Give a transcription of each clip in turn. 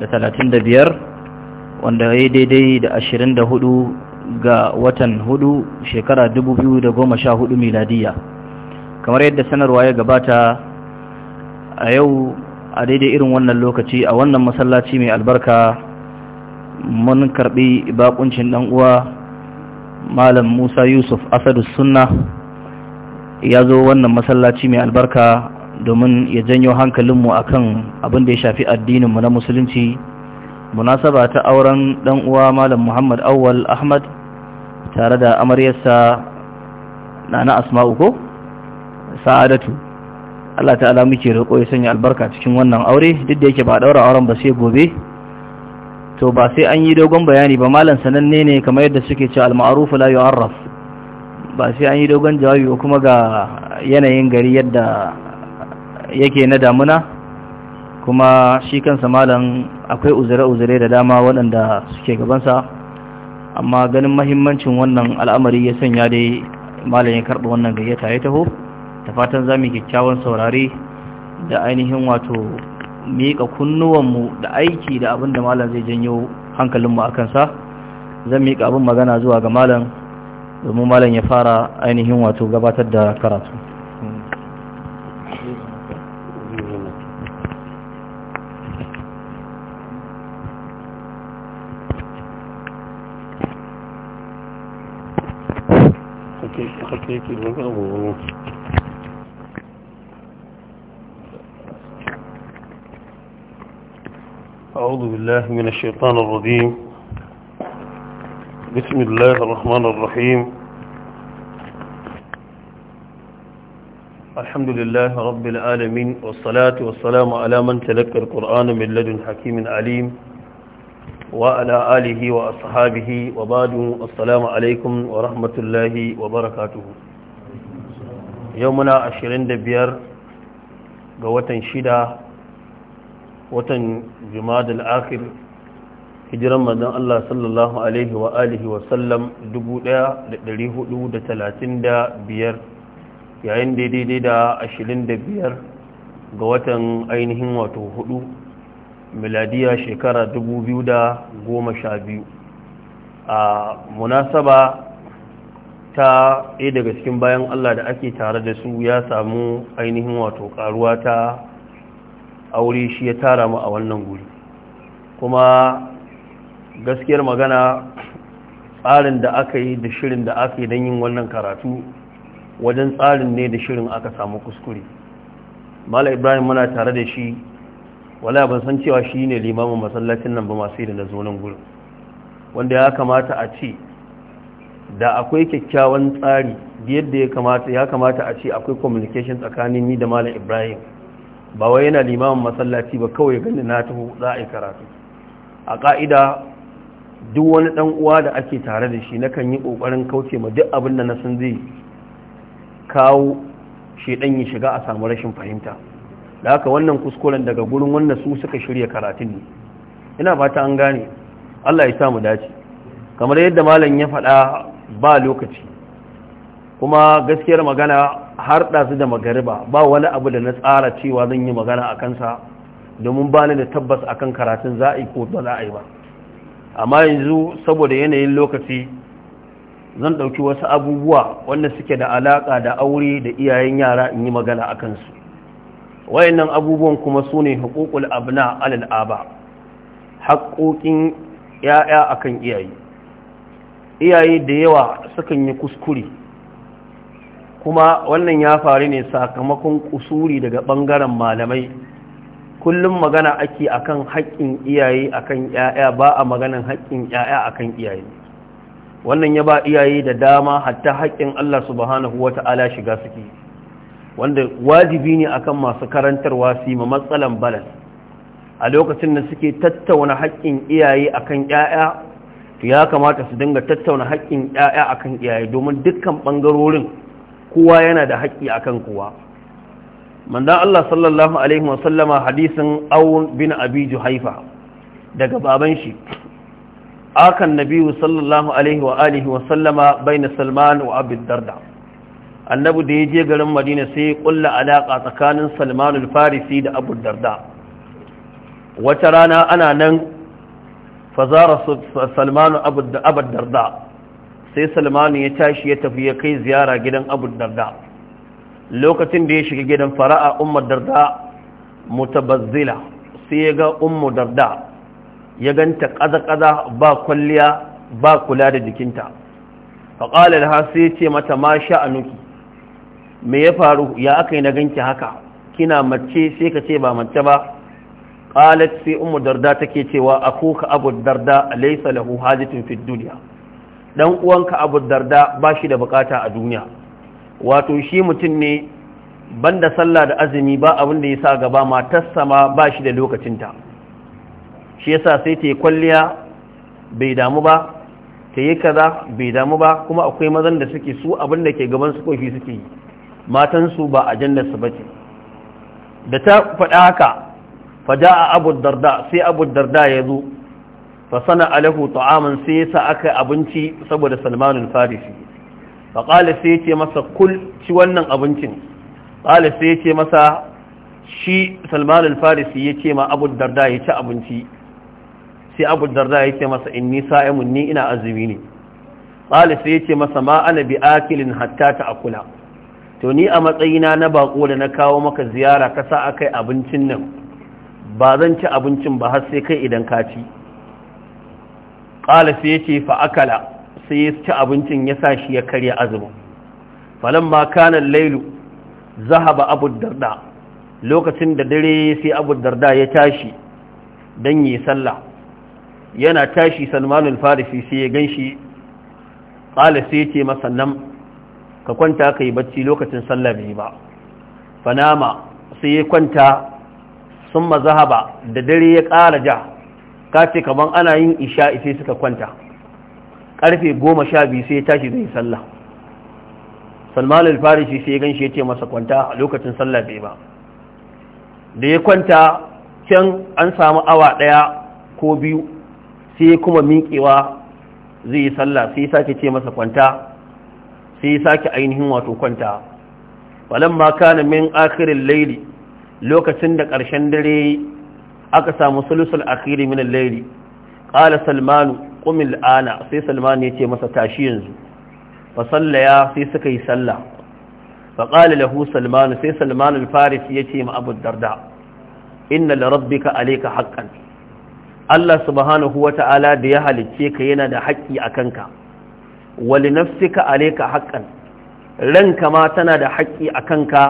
da talatin da biyar wanda ya daidai da ashirin da hudu ga watan hudu shekara dubu biyu da goma sha hudu miladiya kamar yadda sanarwa ya gabata a yau a daidai irin wannan lokaci a wannan masallaci mai albarka mun karbi bakuncin dan uwa malam Musa Yusuf Asadu Sunna ya zo wannan masallaci mai albarka domin ya janyo hankalinmu a kan abin da ya shafi addininmu na musulunci munasaba ta auren ɗan uwa malam Muhammad Awwal Ahmad tare da amaryarsa na na Asma'u ko Sa'adatu Allah ta'ala muke roƙo ya sanya albarka cikin wannan aure duk da yake ba ɗaura auren ba sai gobe to ba sai an yi dogon bayani ba malam sananne ne kamar yadda suke cewa al-ma'ruf la yu'arraf ba sai an yi dogon jawabi ba kuma ga yanayin gari yadda yake na damuna kuma shi kansa malam akwai uzure-uzure da dama waɗanda suke gabansa amma ganin mahimmancin wannan al'amari ya sanya dai malam ya karɓi wannan gayyata ya taho ta fatan za mu kyakkyawan saurari da ainihin wato miƙa kunnuwanmu da aiki da abin da malam zai janyo hankalinmu a kansa zan miƙa abin magana zuwa ga malam domin malam ya fara ainihin wato gabatar da karatu أعوذ بالله من الشيطان الرجيم بسم الله الرحمن الرحيم الحمد لله رب العالمين والصلاة والسلام على من تلقى القرآن من لدن حكيم عليم وعلى آله وأصحابه وبعد السلام عليكم ورحمة الله وبركاته يومنا عشرين دبير قوة شدة watan jumadal akhir hijiran manzon Allah sallallahu alaihi wa alihi wa sallam 1435 yayin da daidai da biyar ga watan ainihin wato hudu miladiya shekara da goma sha biyu a munasaba ta ɗaya daga cikin bayan Allah da ake tare da su ya samu ainihin wato karuwa ta aure shi ya tara mu a wannan guri kuma gaskiyar magana tsarin da aka yi da shirin da aka yi don yin wannan karatu wajen tsarin ne da shirin aka samu kuskure mala ibrahim muna tare da shi wala ban san cewa shi ne limamin masallacin nan ba masu da na zonan gurin wanda ya kamata a ce da akwai kyakkyawan tsari yadda ya kamata ya kamata a ce akwai communication tsakanin ni da malam ibrahim ba wai yana limamin masallaci ba kawai ganin na taho za a yi karatu a ƙa'ida duk wani dan uwa da ake tare da shi nakan yi kokarin kauce ma duk abin da na san zai kawo shedan ya shiga a samu rashin fahimta da haka wannan kuskuren daga gurin wannan su suka shirya karatun ne ina fata an gane Allah ya sa mu dace kamar yadda malam ya faɗa ba lokaci kuma gaskiyar magana har ɗazu da magariba ba wani abu da na tsara cewa zan yi magana a kansa domin ba ni da tabbas akan karatun za ko ba za a yi ba amma yanzu saboda yanayin lokaci zan ɗauki wasu abubuwa wanda suke da alaƙa da aure da iyayen yara in yi magana a kansu wayannan abubuwan kuma su ne hukukul abna alal'aba haƙoƙin ‘ya'ya a kan iyaye iyaye da yawa sukan yi kuskure kuma wannan ya faru ne sakamakon kusuri daga ɓangaren malamai kullum magana ake akan haƙƙin iyaye akan 'ya'ya ba a maganan haƙƙin ƴaƴa akan iyaye wannan ya ba iyaye da dama hatta haƙƙin Allah subhanahu wata'ala shiga suke wanda wajibi ne akan masu karantarwa su ma matsalan balan a lokacin da suke tattauna haƙƙin iyaye akan ƴaƴa to ya kamata su dinga tattauna haƙƙin ƴaƴa akan iyaye domin dukkan ɓangarorin kowa yana da haƙƙi akan kowa manzan Allah sallallahu Alaihi wasallama hadisin awun bin abi haifa daga baban shi akan nabiyu sallallahu Alaihi wa alihi wasallama bai na salman wa abin darda annabu da ya je garin madina sai ya kulla alaƙa tsakanin salmanul farisi da abu darda wata rana ana nan fazara salmanu abu darda sai salmanu ya tashi ya tafi ya kai ziyara gidan abu darda lokacin da ya shiga gidan fara'a Umar darda mutabazzila sai ya ga ummu darda ya ganta kaza-kaza ba kwalliya ba kula da jikinta faƙalar ha sai ce mata ma sha'anuki me ya faru ya aka yi na ganki haka kina mace sai ka ce ba mace ba qalat sai ummu darda take cewa akuka abu darda laysa lahu hajatun fid dunya dan uwanka abu darda shi da bukata a duniya wato shi mutum ne banda sallah da azumi ba abin da ya sa gaba matarsa ma ba shi da lokacinta shi yasa sai ta yi kwalliya bai damu ba ta yi kaza bai damu ba kuma akwai mazan da suke su abin da ke gaban su kofi suke yi matansu ba su ba ce da ta faɗa haka faja a abu darda sai abu darda ya zo fa sana alahu ta'aman sai ya sa aka abinci saboda salmanul farisi fa qala sai yace masa kul ci wannan abincin qala sai yace masa shi Salman al-Farisi yace ma Abu Darda ya ci abinci sai Abu Darda yace masa inni sa'imun ni ina azumi ne qala sai yace masa ma ana bi akilin hatta kula. to ni a matsayina na baƙo da na kawo maka ziyara ka sa akai abincin nan ba zan ci abincin ba har sai kai idan ka ci qala sai yace fa akala sai ya ci abincin ya sa shi ya karya azumin falamma kana lailu zahaba abu darda lokacin da dare sai abu darda ya tashi dan yi sallah yana tashi salmanul farisi sai ya ganshi qala sai yace masa nan ka kwanta kai bacci lokacin sallah bai ba fanama sai ya kwanta summa zahaba da dare ya ƙara ja kace kaman ana yin isha sai suka kwanta karfe goma sha biyu sai ya tashi zai sallah salman al-farisi sai ya ganshi ya ce masa kwanta a lokacin sallah bai ba da ya kwanta can an samu awa ɗaya ko biyu sai kuma miƙewa zai yi sallah sai sake ce masa kwanta sai sake ainihin wato kwanta walan ma kana min akhirin laili lokacin da ƙarshen dare aka samu sulusul akhiri min al-laili qala salmanu qumil ana sai salman ya ce masa tashi yanzu fa sallaya sai suka yi sallah fa qala lahu salman sai salman al-faris ya ce ma abu darda inna li rabbika alayka haqqan Allah subhanahu wata'ala da ya halicce ka yana da haƙƙi akan ka wa li nafsika alayka haqqan ranka ma tana da haƙƙi a kanka?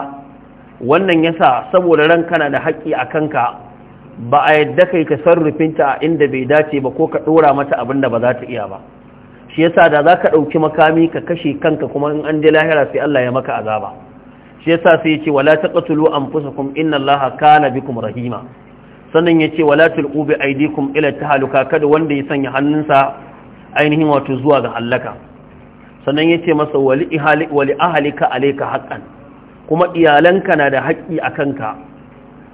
wannan yasa saboda ranka na da haƙƙi a kanka. ba a yadda kai rufinta a inda bai dace ba ko ka ɗora mata abin da ba za ta iya ba shi yasa da za ka ɗauki makami ka kashe kanka kuma in an je lahira sai Allah ya maka azaba shi yasa sai ya ce wala taqtulu anfusakum inna Allaha kana bikum rahima sannan ya ce wala tulqu bi aydikum ila tahaluka kada wanda ya sanya hannunsa ainihin wato zuwa ga halaka sannan ya ce masa wali ihali wali ahlika alayka haqqan kuma iyalanka na da haƙƙi a kanka.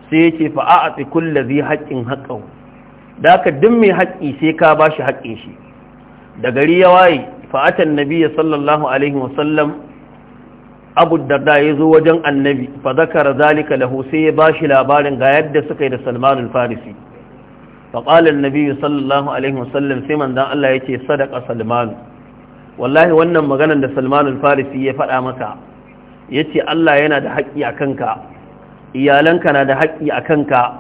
sai ya ce fa'a'atsi kulla zai haƙƙin haƙƙau da aka duk mai haƙƙi sai ka ba shi haƙƙin shi da gari ya waye fa'atan nabiya sallallahu alaihi wasallam abu da ya zo wajen annabi fa zakara zalika lahu sai ya ba shi labarin ga yadda suka yi da salman farisi fa qala annabi sallallahu alaihi wasallam sai manzon Allah ce sadaka salman wallahi wannan maganar da salman farisi ya faɗa maka yace Allah yana da haƙƙi a kanka iyalanka na da haƙƙi a kanka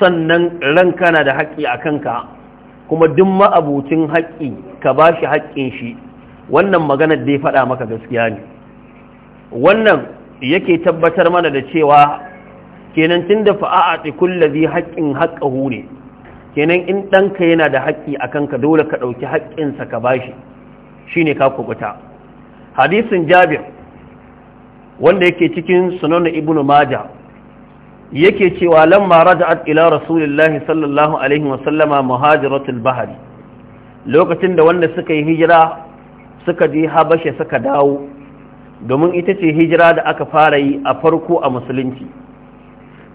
sannan ranka kana da haƙƙi a kanka kuma duk ma'abucin haƙƙi ka ba shi haƙƙin shi wannan maganar dai faɗa maka gaskiya ne wannan yake tabbatar mana da cewa kenan tun da fa'a fa'a'ati kullazi haƙƙin haƙƙa hure kenan in ɗanka yana da haƙƙi a kanka dole ka ɗauki haƙƙinsa ka ba shi shi ne ka kubuta hadisin jabir wanda yake cikin sunan ibnu maja yake cewa lamma raja'at ila rasulillahi sallallahu alaihi wa sallama muhajiratul bahri lokacin da wanda suka yi hijira suka je habasha suka dawo domin ita ce hijira da aka fara yi a farko a musulunci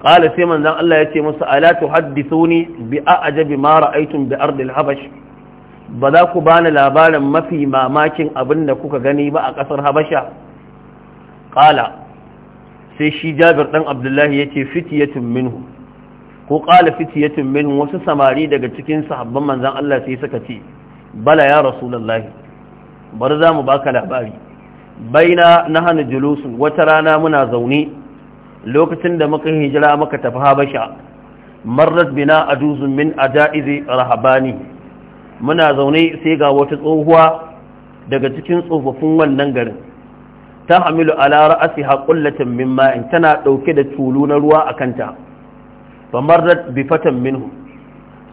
qala sai manzon Allah ya ce musu ala tuhaddithuni bi a'jabi ma ra'aytum bi ardil habash ba za ku bani labarin mafi mamakin abin da kuka gani ba a kasar habasha kala sai shi jabir dan abdullahi yace fitiyatun minhu ko kala fitiyatun minhu wasu samari daga cikin sahabban manzan Allah sai suka ce bala ya rasulullahi bari za mu baka labari baina na hana julusun wata rana muna zaune lokacin da muka hijira muka tafi habasha marrat bina aduzun min adaizi rahabani muna zaune sai ga wata tsohuwa daga cikin tsofaffin wannan garin ta hamilu ala ra'asi qullatan min ma'in tana dauke da tulu na ruwa a kanta famarrat bi fatan minhu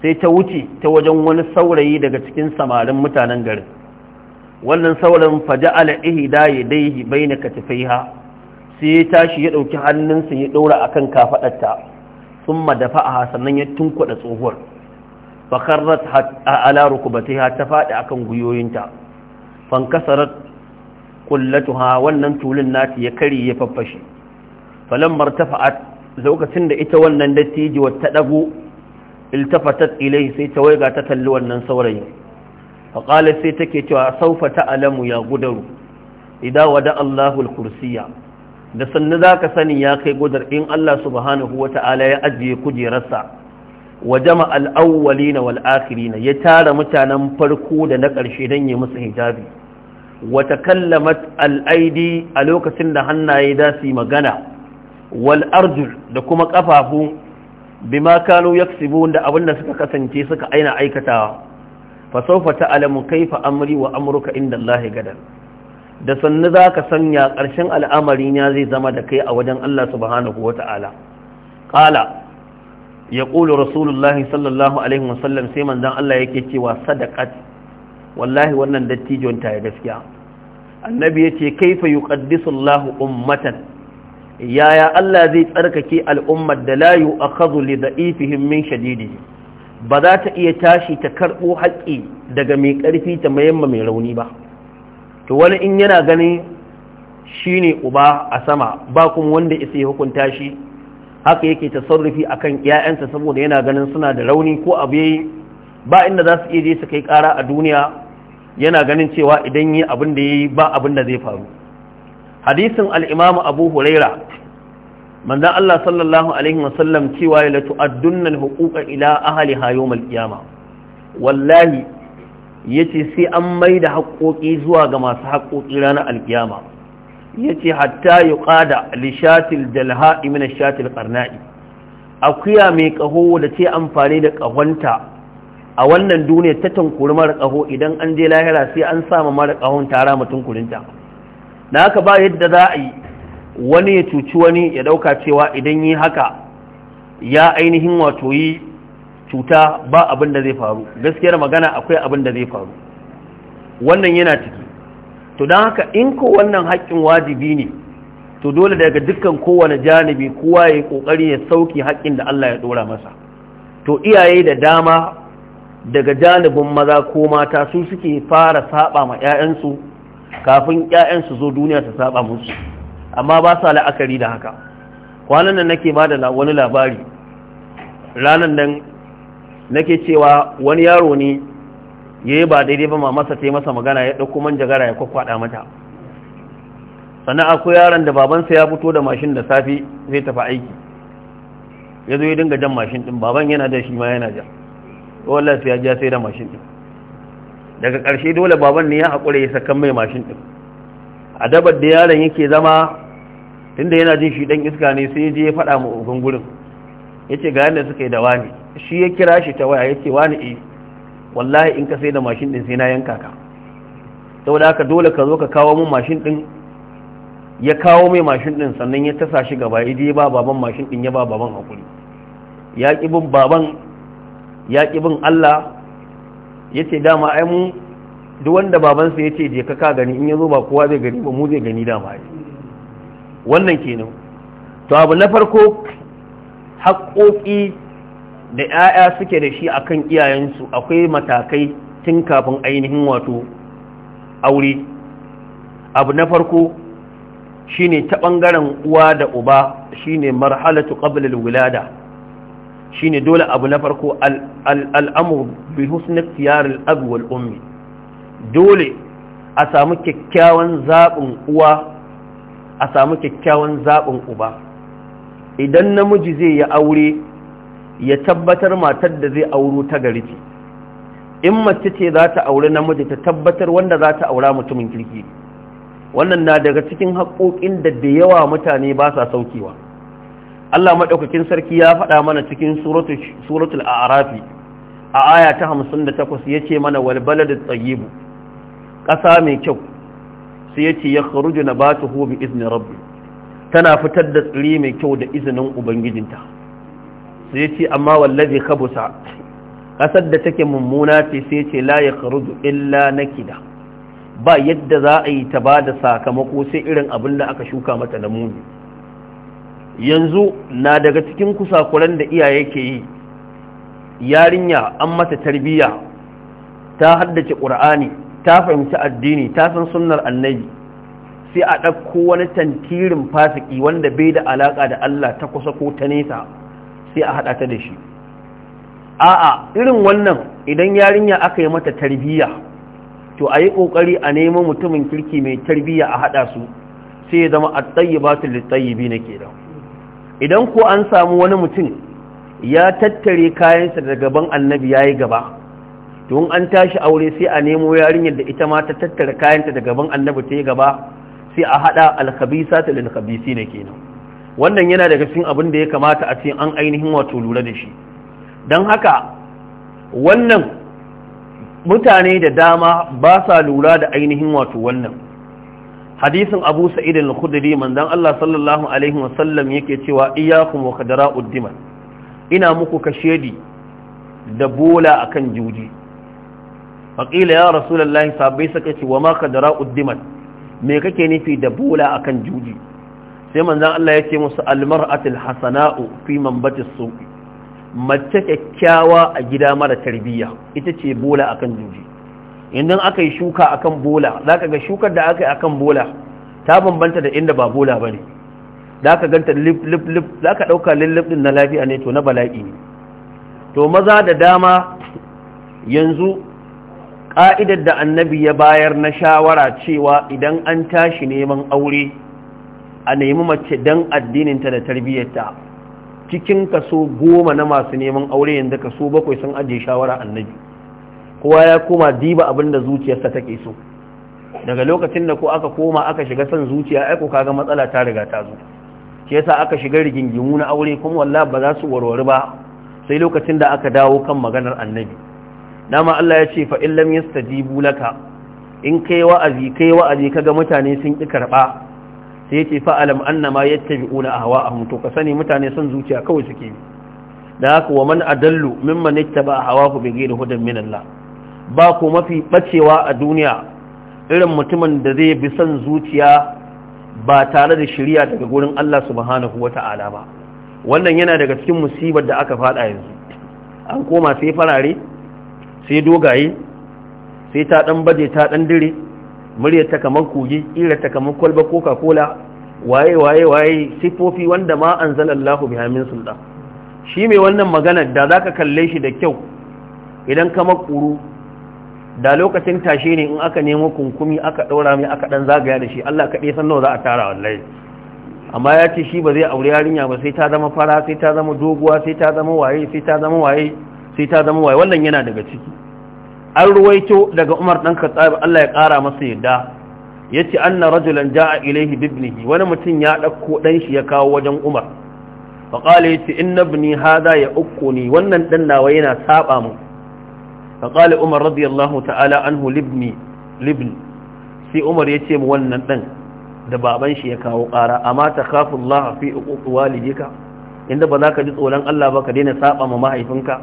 sai ta wuce ta wajen wani saurayi daga cikin samarin mutanen garin wannan saurayin faja'ala ihda daihi baina katifaiha sai ya tashi ya ɗauki hannunsa ya daura akan sun madafa dafa'aha sannan ya tunkuɗa tsohuwar fakarrat ala rukubatiha ta faɗi akan guyoyinta fankasarat kullatuha wannan tulun nata ya kare ya faffashe falan martafa'at lokacin da ita wannan dattijuwar ta dago iltafatat ilai sai ta waiga ta talli wannan saurayin. faƙalar sai take cewa saufa ta alamu ya gudaru idan wada allahul kursiya da sannu za ka sani ya kai gudar in allah subhanahu wa ta'ala ya ajiye kujerarsa wa jama al'awwali na wal'akiri na ya tara mutanen farko da na ƙarshe don yi musu hijabi wata kallamat al'aidi a lokacin da hannaye za su magana wal da kuma kafafu bima kanu yaksibu da abin da suka kasance suka aina aikatawa fa sawfa kai kaifa amri wa Amurka inda Allah gadan da sannu zaka sanya ƙarshen al'amari ya zai zama da kai a wajen Allah subhanahu Ƙala, ya yaqulu rasulullahi sallallahu alaihi wasallam sai manzon Allah yake cewa sadaqat wallahi wannan dattijon ta gaskiya annabi yace kaifa yuqaddisu Allahu ummatan yaya Allah zai tsarkake al'ummar da la yu'akhadhu li da'ifihim min shadidi ba za ta iya tashi ta karɓo haƙƙi daga mai ƙarfi ta mayamma mai rauni ba to wani in yana ganin shine uba a sama ba kuma wanda isa ya hukunta shi haka yake tasarrufi akan yayansa saboda yana ganin suna da rauni ko abu yayi ba inda za su iya je su kai ƙara a duniya yana ganin cewa idan yi abin da yi ba abin da zai faru hadisin al'imamu abu huraira manzan Allah sallallahu alaihi wasallam cewa ya latu addunnan hukuka ila ahali hayo malkiyama wallahi ya ce sai an mai da haƙoƙi zuwa ga masu haƙoƙi ranar alkiyama ya ce hatta yi ƙada lishatil dalha'i imina shatil ƙarna'i akuya mai ƙaho da ce amfani da ƙahonta a wannan duniya ta tankuri mara ƙaho idan an je lahira sai an samu mara ƙahon tara mutum kurinta na haka ba yadda za a yi wani ya cuci wani ya ɗauka cewa idan yi haka ya ainihin wato yi cuta ba abin da zai faru gaskiyar magana akwai abin da zai faru wannan yana ciki to don haka in ko wannan haƙƙin wajibi ne to dole daga dukkan kowane janibi kowa ya yi ƙoƙari ya sauki haƙƙin da Allah ya ɗora masa to iyaye da dama daga janibin maza ko mata su suke fara saba ma 'ya'yansu kafin 'ya'yansu zo duniya su saba musu amma ba sa la'akari da haka kwanan nan nake ba da wani labari ranar nan nake cewa wani yaro ne ya yi ba daidai ba masa ta yi masa magana ya ɗauko manjagara ya kwakwada mata sannan akwai yaron da babansa ya fito da mashin da safe zai tafi aiki ya zo ya dinga jan mashin din baban yana da shi ma yana jan wallahi sai ya ja sai da mashin din daga ƙarshe dole baban ne ya haƙura ya sakan mai mashin din a dabar da yaron yake zama tunda yana jin shi dan iska ne sai je ya faɗa mu ugun gurin yace ga yanda suka yi da wani shi ya kira shi ta waya yace wani eh wallahi in ka sai da mashin din sai na yanka ka saboda haka dole ka zo ka kawo mun mashin din ya kawo mai mashin din sannan ya tasa shi gaba ya je ba baban mashin din ya ba baban hakuri ya ki bin baban ya ƙi bin Allah ya ce dama ai mu duk wanda babansa ya ce je ka gani in ya zo ba kowa zai gani ba mu zai gani dama ai wannan kenan to abu na farko haƙoƙi da 'ya'ya suke da shi akan iyayensu akwai matakai tun kafin ainihin wato aure abu na farko shine ta ɓangaren uwa da uba shine marhalatu qablal wilada Shi ne dole abu na farko al'amu bi husnat yarin abuwal ummi dole a samu kyakkyawan zaɓin uwa a samu kyakkyawan zaɓin uba idan namiji zai yi aure ya tabbatar matar da zai auro ta gari ce in mace ce za ta aure namiji ta tabbatar wanda za ta aura mutumin kirki wannan na daga cikin haƙoƙin da da yawa mutane ba sa saukewa Allah madaukakin sarki ya faɗa mana cikin suratul a'rafi a aya ta da 58 yace mana wal baladu tayyib ƙasa mai kyau sai yace ya kharuju nabatuhu bi izni rabbi tana fitar da tsiri mai kyau da izinin ubangijinta sai yace amma wallazi khabusa ƙasar da take mummuna ce sai yace la ya kharuju illa nakida ba yadda za a yi ta ba da sakamako sai irin abin da aka shuka mata na muni yanzu na daga cikin kusakuran da iyaye ke yi yarinya an mata tarbiyya ta haddace ƙur'ani ta fahimci addini ta san sunnar annabi sai a ɗauko wani tantirin fasiki wanda bai da alaƙa da Allah ta kusa ko ta nesa sai a haɗa ta da shi a'a irin wannan idan yarinya aka yi mata tarbiyya to a yi ƙoƙari a neman mutumin kirki mai tarbiyya a haɗa su sai ya zama a tsayi ba su littayi bi na kenan idan ko an samu wani mutum ya tattare kayansa daga gaban annabi ya yi gaba tun an tashi aure sai a nemo yarinyar da ita ma ta tattara kayanta daga gaban annabi ta yi gaba sai a haɗa alkhabisa ta lalkhabisi na kenan wannan yana daga cikin abin da ya kamata a cikin an ainihin wato lura da shi don haka wannan mutane da dama ba sa lura da ainihin wato wannan hadisin abu sa'id al-khudri manzon Allah sallallahu alaihi sallam yake cewa iyyakum wa qadara'ud diman ina muku kashedi da bola akan juji faqila ya rasulullahi sabai saka ce wa ma qadara'ud diman me kake nufi da bola akan juji sai manzon Allah yake musu al-mar'atul hasana'u fi manbatis suqi mace kyakkyawa a gida mara tarbiyya ita ce bola akan juji idan aka yi shuka akan bola za ka ga shukar da aka yi akan bola ta bambanta da inda ba bola ba ne za ka ganta lip-lip-lip za ka ɗauka lip ɗin na lafiya ne to na bala'i ne to maza da dama yanzu ƙa'idar da annabi ya bayar na shawara cewa idan an tashi neman aure a nemi mace don addininta da tarbiyyarta cikin kaso goma na masu neman aure yanzu kaso bakwai sun ajiye shawara annabi kowa ya koma diba abin da zuciyarsa take so daga lokacin da ko aka koma aka shiga son zuciya aiko kaga matsala ta riga ta zo shi yasa aka shiga rigingimu na aure kuma wallahi ba za su warware ba sai lokacin da aka dawo kan maganar annabi dama Allah ya ce fa in lam yastajibu laka in kai wa'azi kai wa'azi kaga mutane sun ki karba sai yace fa alam annama yattabi'una ahwa'ahum to ka sani mutane son zuciya kawai suke da haka wa man adallu mimman ittaba hawahu bighayri hudan min Allah ba ku mafi ɓacewa a duniya irin mutumin da zai bi son zuciya ba tare da shirya daga gurin Allah subhanahu ta'ala ba wannan yana daga cikin musibar da aka fada yanzu an koma sai farare sai dogaye sai ta dan baje ta dan dire muryar ta kamar kogi ira ta kamar kwalba coca cola waye waye waye sifofi wanda ma anzalallahu biha min sultan shi mai wannan maganar da za ka kalle shi da kyau idan kamar kuru da lokacin tashe ne in aka nemo kunkumi aka ɗaura mai aka ɗan zagaya da shi Allah kaɗai san nawa za a tara wallahi amma ya ce shi ba zai aure yarinya ba sai ta zama fara sai ta zama doguwa sai ta zama waye sai ta zama waye sai ta zama waye wannan yana daga ciki an ruwaito daga Umar dan Khattab Allah ya ƙara masa yadda yace anna rajulan jaa ilayhi bibnihi wani mutum ya ɗauko dan shi ya kawo wajen Umar fa qala yace inna ibni hada ya ukuni wannan dan nawa yana saba mu فقال عمر رضي الله تعالى عنه لابني لابن سي عمر يتي mu wannan dan da baban shi ya kawo ƙara amma ta khafu Allah fi uquq walidika inda ba za ka ji tsoron Allah ba ka daina saba ma mahaifinka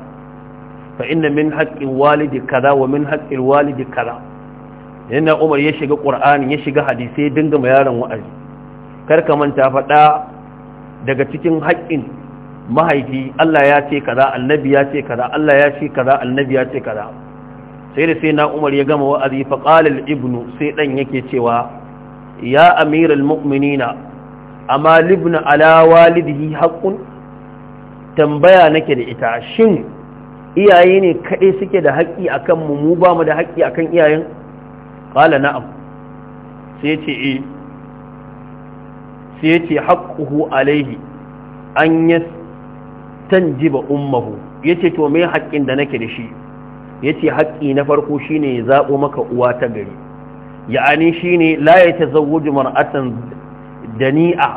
fa inna min haqqi walidi kaza wa min haqqi walidi kaza yana Umar ya shiga Qur'ani ya shiga hadisi dinga ma yaron wa'azi kar ka manta faɗa daga cikin haƙƙin mahaifi Allah ya ce kaza annabi ya ce kaza Allah ya ce kaza annabi ya ce kaza sai da sai na Umar ya gama wa'azi fa qala al-ibn sai dan yake cewa ya amiral mu'minina amma ibn ala walidihi haqqun tambaya nake da ita shin iyaye ne kaɗai suke da haƙƙi akan mu mu ba mu da haƙƙi akan iyayen qala na'am sai ce eh sai ce haqquhu alaihi an yas tanjiba ummahu yace to me haƙƙin da nake da shi yace haƙƙi na farko shine ya zabo maka uwa ta gari ya'ani shine la tazawwaju mar'atan dani'a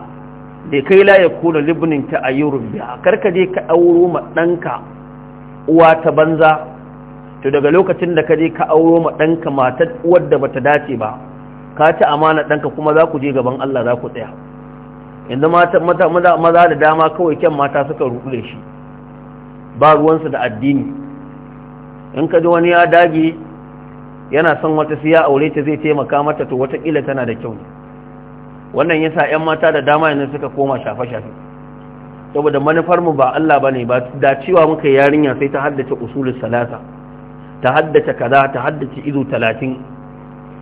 da kai la kula libnin ta ayyurun biya karka je ka auro ma danka uwa ta banza to daga lokacin da ka je ka auro ma danka matar uwar da bata dace ba ka ci amana danka kuma za ku je gaban Allah za ku tsaya yanzu maza da dama kawai kyan mata suka rufe shi ba ruwansu da addini in ka ji wani ya dage yana son wata siya aure ta zai taimaka mata to watakila tana da kyau ne wannan yasa 'yan mata da dama yanzu suka koma shafe-shafe saboda manufarmu ba Allah ba ne ba da cewa muka yi yarinya sai ta haddace usulul salasa ta haddace kaza ta haddace izo talatin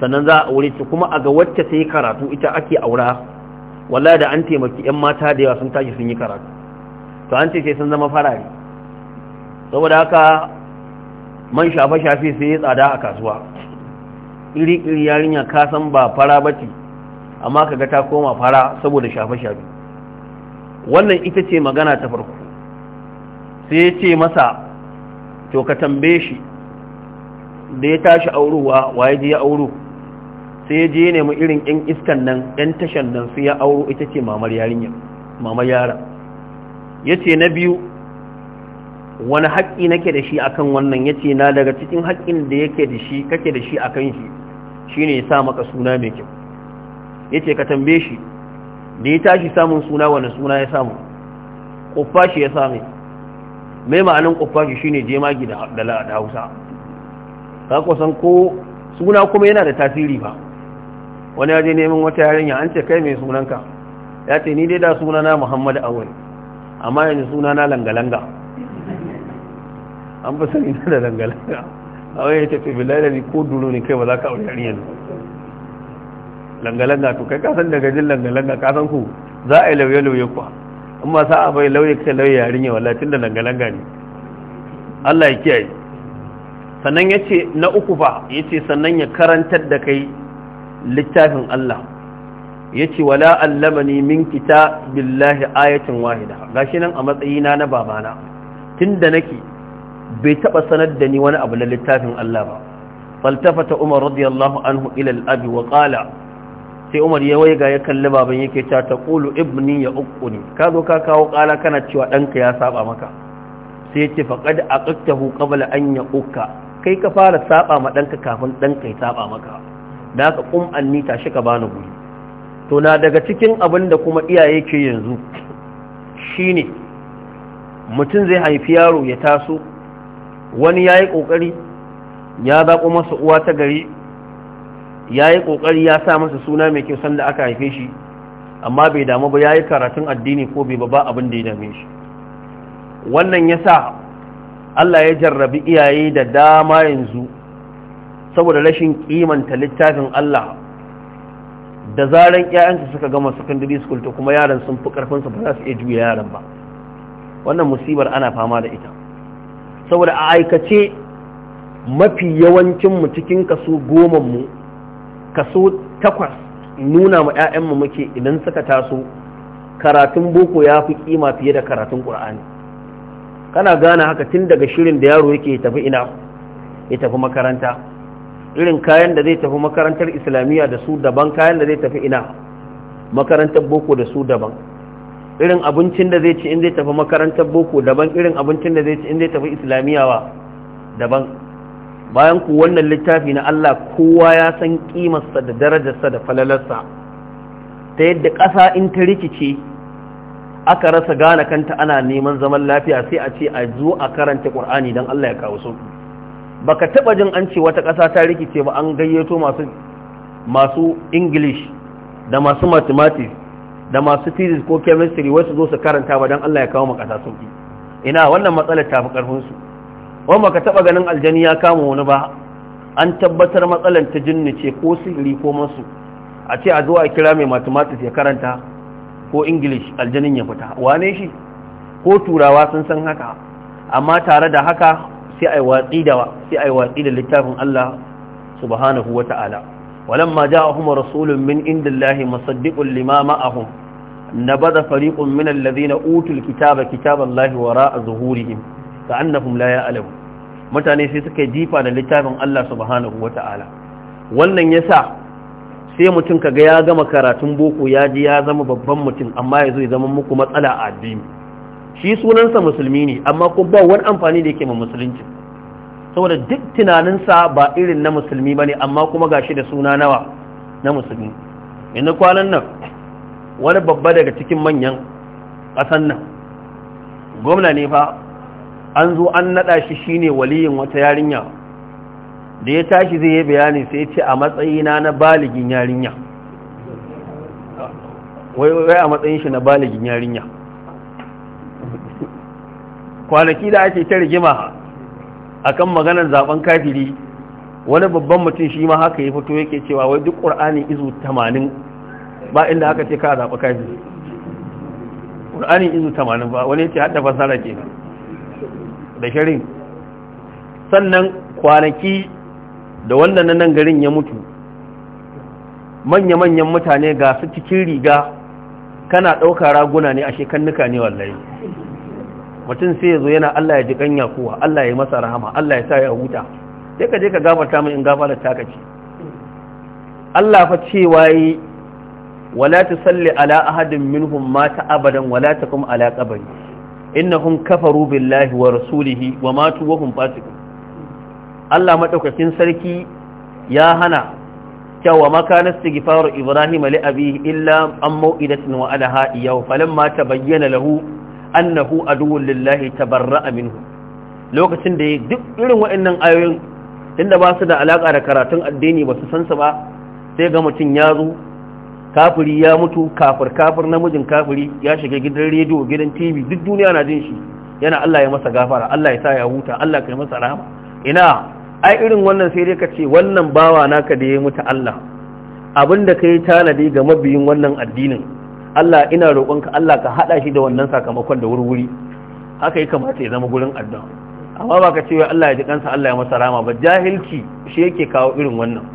sannan za a aure ta kuma a ga wacce ta yi karatu ita ake aura wallahi da an taimaki yan mata da yawa sun tashi sun yi karatu to an ce sai sun zama farare saboda haka man shafe-shafe sai ya tsada a kasuwa iri-iri yarinya ka san ba fara bace amma kaga ta koma fara saboda shafa shafe wannan ita ce magana ta farko sai ya ce masa to ka tambaye shi da ya tashi auruwa waye je ya auru sai je nemi irin yan iskan nan yan tashan nan sai ya auro ita ce mamar yarinya mamar yara Ya ce na biyu wani haƙƙi nake da shi akan wannan ya ce na daga cikin haƙƙin da yake da shi kake da shi akan shi shine ya sa maka suna mai kyau Ya ce ka tambaye shi da ya tashi samun suna wani suna ya samu ƙuffashi ya sami, mai ma'anin shi shine jemagi da hausa ka kusan ko suna kuma yana da tasiri ba wani ya je neman wata yarinya an ce kai mai sunanka ya ce ni dai da sunana muhammad awal amma yanzu sunana langalanga an fi sani na da langalanga awai ya ce to bilai da ni ko duro ne kai ba za ka aure yarinya langalanga to kai kasan daga jin langalanga kasan ku za a yi lauye-lauye kuwa in ma sa'a bai lauye kai lauye yarinya wallahi tun da langalanga ne Allah ya kiyaye sannan ya ce na uku ba ya ce sannan ya karantar da kai littafin Allah ya ce wala allamani min kita billahi ayatin wahida gashi nan a matsayina na babana tun da nake bai taɓa sanar da ni wani abu na littafin Allah ba faltafata umar radiyallahu anhu ila al-abi wa qala sai umar ya waiga ya kalli baban yake ta ta ƙulu ibni ya uƙuni ka zo ka kawo ƙala kana cewa ɗanka ya saba maka sai ya ce faƙad a an uka kai ka fara saba ma ɗanka kafin ɗanka ya saba maka da aka kum annita tashi ka bani guri to na daga cikin abin da kuma iyaye ke yanzu shine mutum zai haifi yaro ya taso wani ya yi ƙoƙari ya zaƙo masa uwa ta gari yayi yi ya sa masa suna mai kyau sanda aka haife shi amma bai damu ba yayi karatun addini ko bai ba abin da ya dame shi wannan yasa Allah ya jarrabi iyaye da dama yanzu saboda rashin kimanta littafin Allah da zaran ƴaƴansu suka gama secondary school to kuma yaran sun fi karfin su ba za su iya juya yaran ba wannan musibar ana fama da ita saboda a aikace mafi yawancin mu cikin kaso goma mu kaso takwas nuna ma 'ya'yanmu muke idan suka taso karatun boko ya fi kima fiye da karatun ƙur'ani kana gane haka tun daga shirin da yaro yake tafi ina ya tafi makaranta irin kayan da zai tafi makarantar islamiyya da su daban kayan da zai tafi ina makarantar boko da su daban irin abincin da zai ci in zai tafi makarantar boko daban irin abincin da zai ci in zai tafi islamiyyawa daban bayan ku wannan littafi na Allah kowa ya san kimarsa da darajarsa da falalarsa ta yadda ƙasa in ta rikice aka rasa gane kanta ana neman zaman lafiya sai a ce a zo a karanta ƙur'ani don Allah ya kawo sauki baka taba jin an ce wata ƙasa ta rikice ba an gayyato masu masu english da masu mathematics da masu physics ko chemistry wasu zo su karanta ba don Allah ya kawo maka ƙasa sauki ina wannan matsalar ta fi karfin su wanda baka taba ganin aljani ya kama wani ba an tabbatar matsalar ta jinni ce ko sihiri ko masu a ce a zo a kira mai mathematics ya karanta ko english aljanin ya fita wane shi ko turawa sun san haka amma tare da haka sai ai watsi da sai ai watsi da littafin Allah subhanahu wata'ala walamma ja'ahum rasulun min indillahi musaddiqun lima ma'ahum nabada fariqun min alladhina utul kitaba kitaballahi wara'a zuhurihim ka'annahum la ya'lamun mutane sai suka jifa da littafin Allah subhanahu wata'ala wannan yasa sai mutum kaga ya gama karatun boko ya ji ya zama babban mutum amma yazo ya zama muku matsala a addini shi sunansa musulmi ne amma ko ba wani amfani da yake ma musulunci saboda duk tunaninsa ba irin na musulmi ba ne amma kuma ga shi da suna nawa na musulmi inda kwanan nan wani babba daga cikin manyan ƙasan nan gwamna ne fa an zo an naɗa shi shine waliyin wata yarinya da ya tashi zai yi bayani sai ce a matsayina na baligin yarinya wai a matsayin shi na baligin yarinya kwanaki da ake ta rigima a kan maganar zaben kafiri wani babban mutum shi ma haka ya fito yake cewa wai duk ƙur'ani izu 80 ba inda aka ce ka zaɓa kafiri ƙur'ani izu 80 ba wani yake haɗa fasara ke da shirin sannan kwanaki da wannan na nan garin ya mutu manya-manyan mutane ga su cikin riga kana ɗauka raguna ne a shekannuka ne wallahi mutum sai ya zo yana Allah ya ji kanya kowa, Allah ya masa rahama Allah ya sa ya huta sai ka je ka gafarta min in gafarar taka ce Allah fa cewa yi wala tusalli ala ahadin minhum mata abadan wala takum ala qabri innahum kafaru billahi wa rasulihi wa matu wa hum fasiqun Allah madaukakin sarki ya hana cewa makana istighfaru ibrahim li abihi illa an mau'idatin wa adaha iyahu falamma tabayyana lahu annahu aduwwul lillahi tabarra'a minhu lokacin da duk irin waɗannan ayoyin tunda ba su da alaka da karatun addini ba su san su ba sai ga mutum ya zo kafiri ya mutu kafir kafir namijin kafiri ya shiga gidan rediyo gidan tv duk duniya na jin shi yana Allah ya masa gafara Allah ya sa ya huta Allah yi masa rahama ina ai irin wannan sai dai ka ce wannan bawa naka da ya mutu Allah abinda kai tanadi ga mabiyin wannan addinin Allah ina roƙonka Allah ka haɗa shi da wannan sakamakon da wurwuri haka yi kamata ya zama gurin addu'a amma ba ka cewa Allah ya ji kansa Allah ya masa rama ba jahilci shi yake kawo irin wannan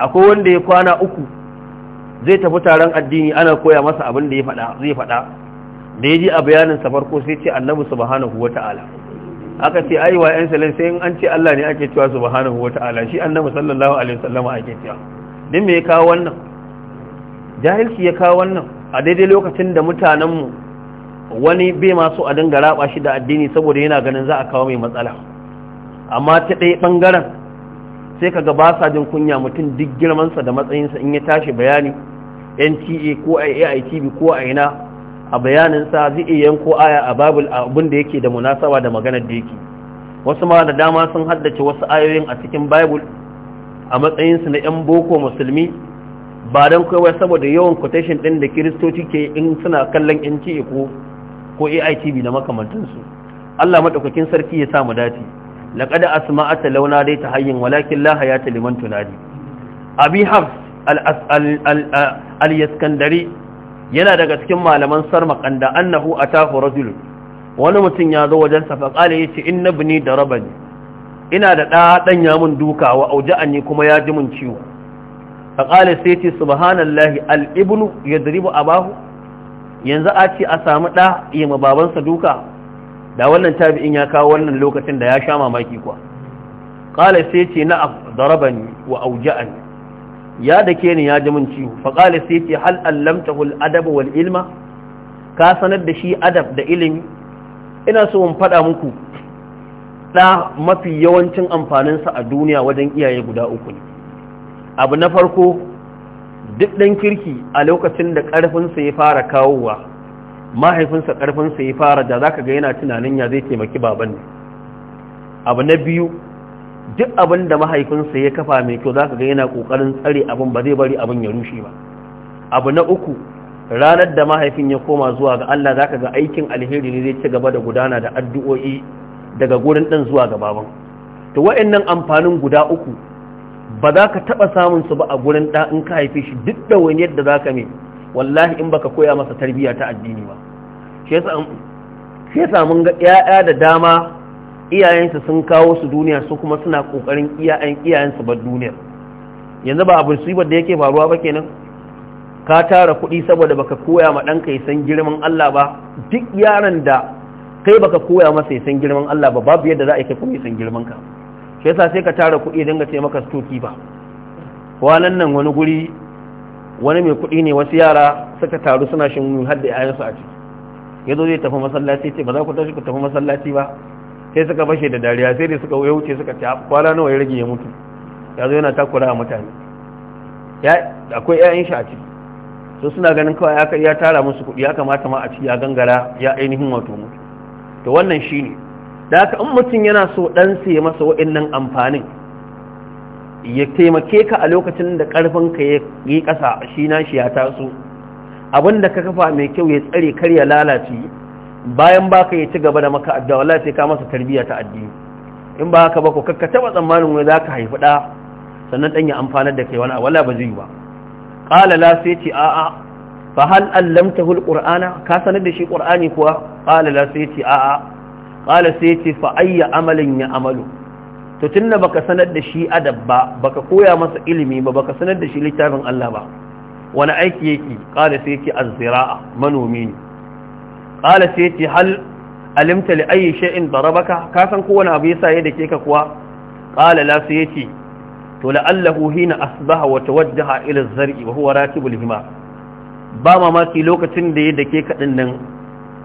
akwai wanda ya kwana uku zai tafi taron addini ana koya masa abin da ya faɗa zai faɗa da ya ji a bayanin sa farko sai ce annabi subhanahu wata'ala aka ce ai wa 'yan salan sai in an ce Allah ne ake cewa subhanahu wata'ala shi annabi sallallahu alaihi wasallama ake cewa din me ya kawo wannan jahilci ya kawo wannan a daidai lokacin da mutanenmu wani bai masu a dinga raba shi da addini saboda yana ganin za a kawo mai matsala amma ta ɗaya ɓangaren sai ka ba sa jin kunya mutum duk girmansa da matsayinsa in ya tashi bayani nta ko a aitb ko a ina a bayaninsa zai iya yanko aya a babul abin da yake da munasaba da maganar da yake wasu ma da dama sun haddace wasu ayoyin a cikin bible a matsayinsu na 'yan boko musulmi ba don kawai saboda yawan quotation ɗin da kiristoci ke in suna kallon yanci ko ko aitb da makamantansu allah maɗaukakin sarki ya samu dace laƙada asma'ata launa dai ta hayyin walakin la ta liman tunadi abi hafs al-yaskandari yana daga cikin malaman Sarma Kanda, annahu atahu rajul wani mutum ya zo wajen sa faqala yace inna ibni rabani ina da ɗa ɗan ya mun dukawa auja ni kuma ya ji mun ciwo faƙali sai ce subhanallahi al'ibnu ya daribu a bahu yanzu a ce a sami ɗa yi ma babansa duka da wannan tabi'in ya kawo wannan lokacin da ya sha mamaki kuwa ƙala sai ce na darabani wa auja'ani ya da ke ni ya ji min ciwo faƙala sai ce hal hul al'adab wal ilma ka sanar da shi adab da ilimi ina so in faɗa muku ɗa mafi yawancin amfaninsa a duniya wajen iyaye guda uku ne abu na farko duk ɗan kirki a lokacin da ƙarfinsa ya fara kawowa mahaifinsa ƙarfinsa ya fara da za ka ga yana tunanin ya zai taimaki baban ne abu na biyu duk abin da mahaifinsa ya kafa mai kyau za ka ga yana ƙoƙarin tsare abin ba zai bari abin ya rushe ba abu na uku ranar da mahaifin ya koma zuwa ga Allah za ka ga aikin alheri ne zai ci gaba da gudana da addu'o'i daga gurin ɗan zuwa ga baban to wa'annan amfanin guda uku ba za ka taɓa samun su ba a gurin ɗa in ka haife shi duk da wani yadda za ka mai wallahi in baka koya masa tarbiyya ta addini ba shi yasa mun ga ƴaƴa da dama iyayensu sun kawo su duniya su kuma suna ƙoƙarin iyayen iyayensu ba duniya. yanzu ba abin su da yake faruwa ba kenan ka tara kuɗi saboda baka koya ma ɗanka ya san girman Allah ba duk yaron da kai baka koya masa ya san girman Allah ba babu yadda za a yi kai kuma ya san girman ka shi yasa sai ka tara kuɗi dinga ce maka stoki ba kwanan nan wani guri wani mai kuɗi ne wasu yara suka taru suna shin har da yayansu a ciki ya zo zai tafi masallaci ce ba za ku tashi ku tafi masallaci ba sai suka bashe da dariya sai dai suka ya wuce suka ci kwana nawa ya rage ya mutu ya zo yana takura a mutane akwai 'ya'yan shi a ciki so suna ganin kawai ya tara musu kuɗi ya kamata ma a ciki ya gangara ya ainihin wato mutu to wannan shine da haka in mutum yana so ɗan ya masa wa'annan amfanin ya taimake ka a lokacin da ƙarfinka ya yi ƙasa shi na shi ya taso abinda ka kafa mai kyau ya tsare kar ya lalace bayan baka yi ci gaba da maka addu'a wallahi sai ka masa tarbiyya ta addini in ba haka ba ko kakka taba tsammanin wai zaka haifi da sannan dan ya amfanar da kai wani abu wallahi ba zai yi ba qala la sai ce a a fa hal allamtahu alqur'ana ka sanar da shi qur'ani kuwa qala la sai ce a a qala sai yace fa ayya amalin ya amalu to tunda baka sanar da shi adab ba baka koya masa ilimi ba baka sanar da shi littafin Allah ba wani aiki yake qala sai yace az manomi ne qala sai yace hal alimta li ayi shay'in darabaka ka san ko wani abu yasa ya dake ka kuwa qala la sai yace to la'allahu hina asbaha wa tawajjaha ila az-zar'i wa huwa ratibul hima ba mamaki lokacin da ya dake ka din nan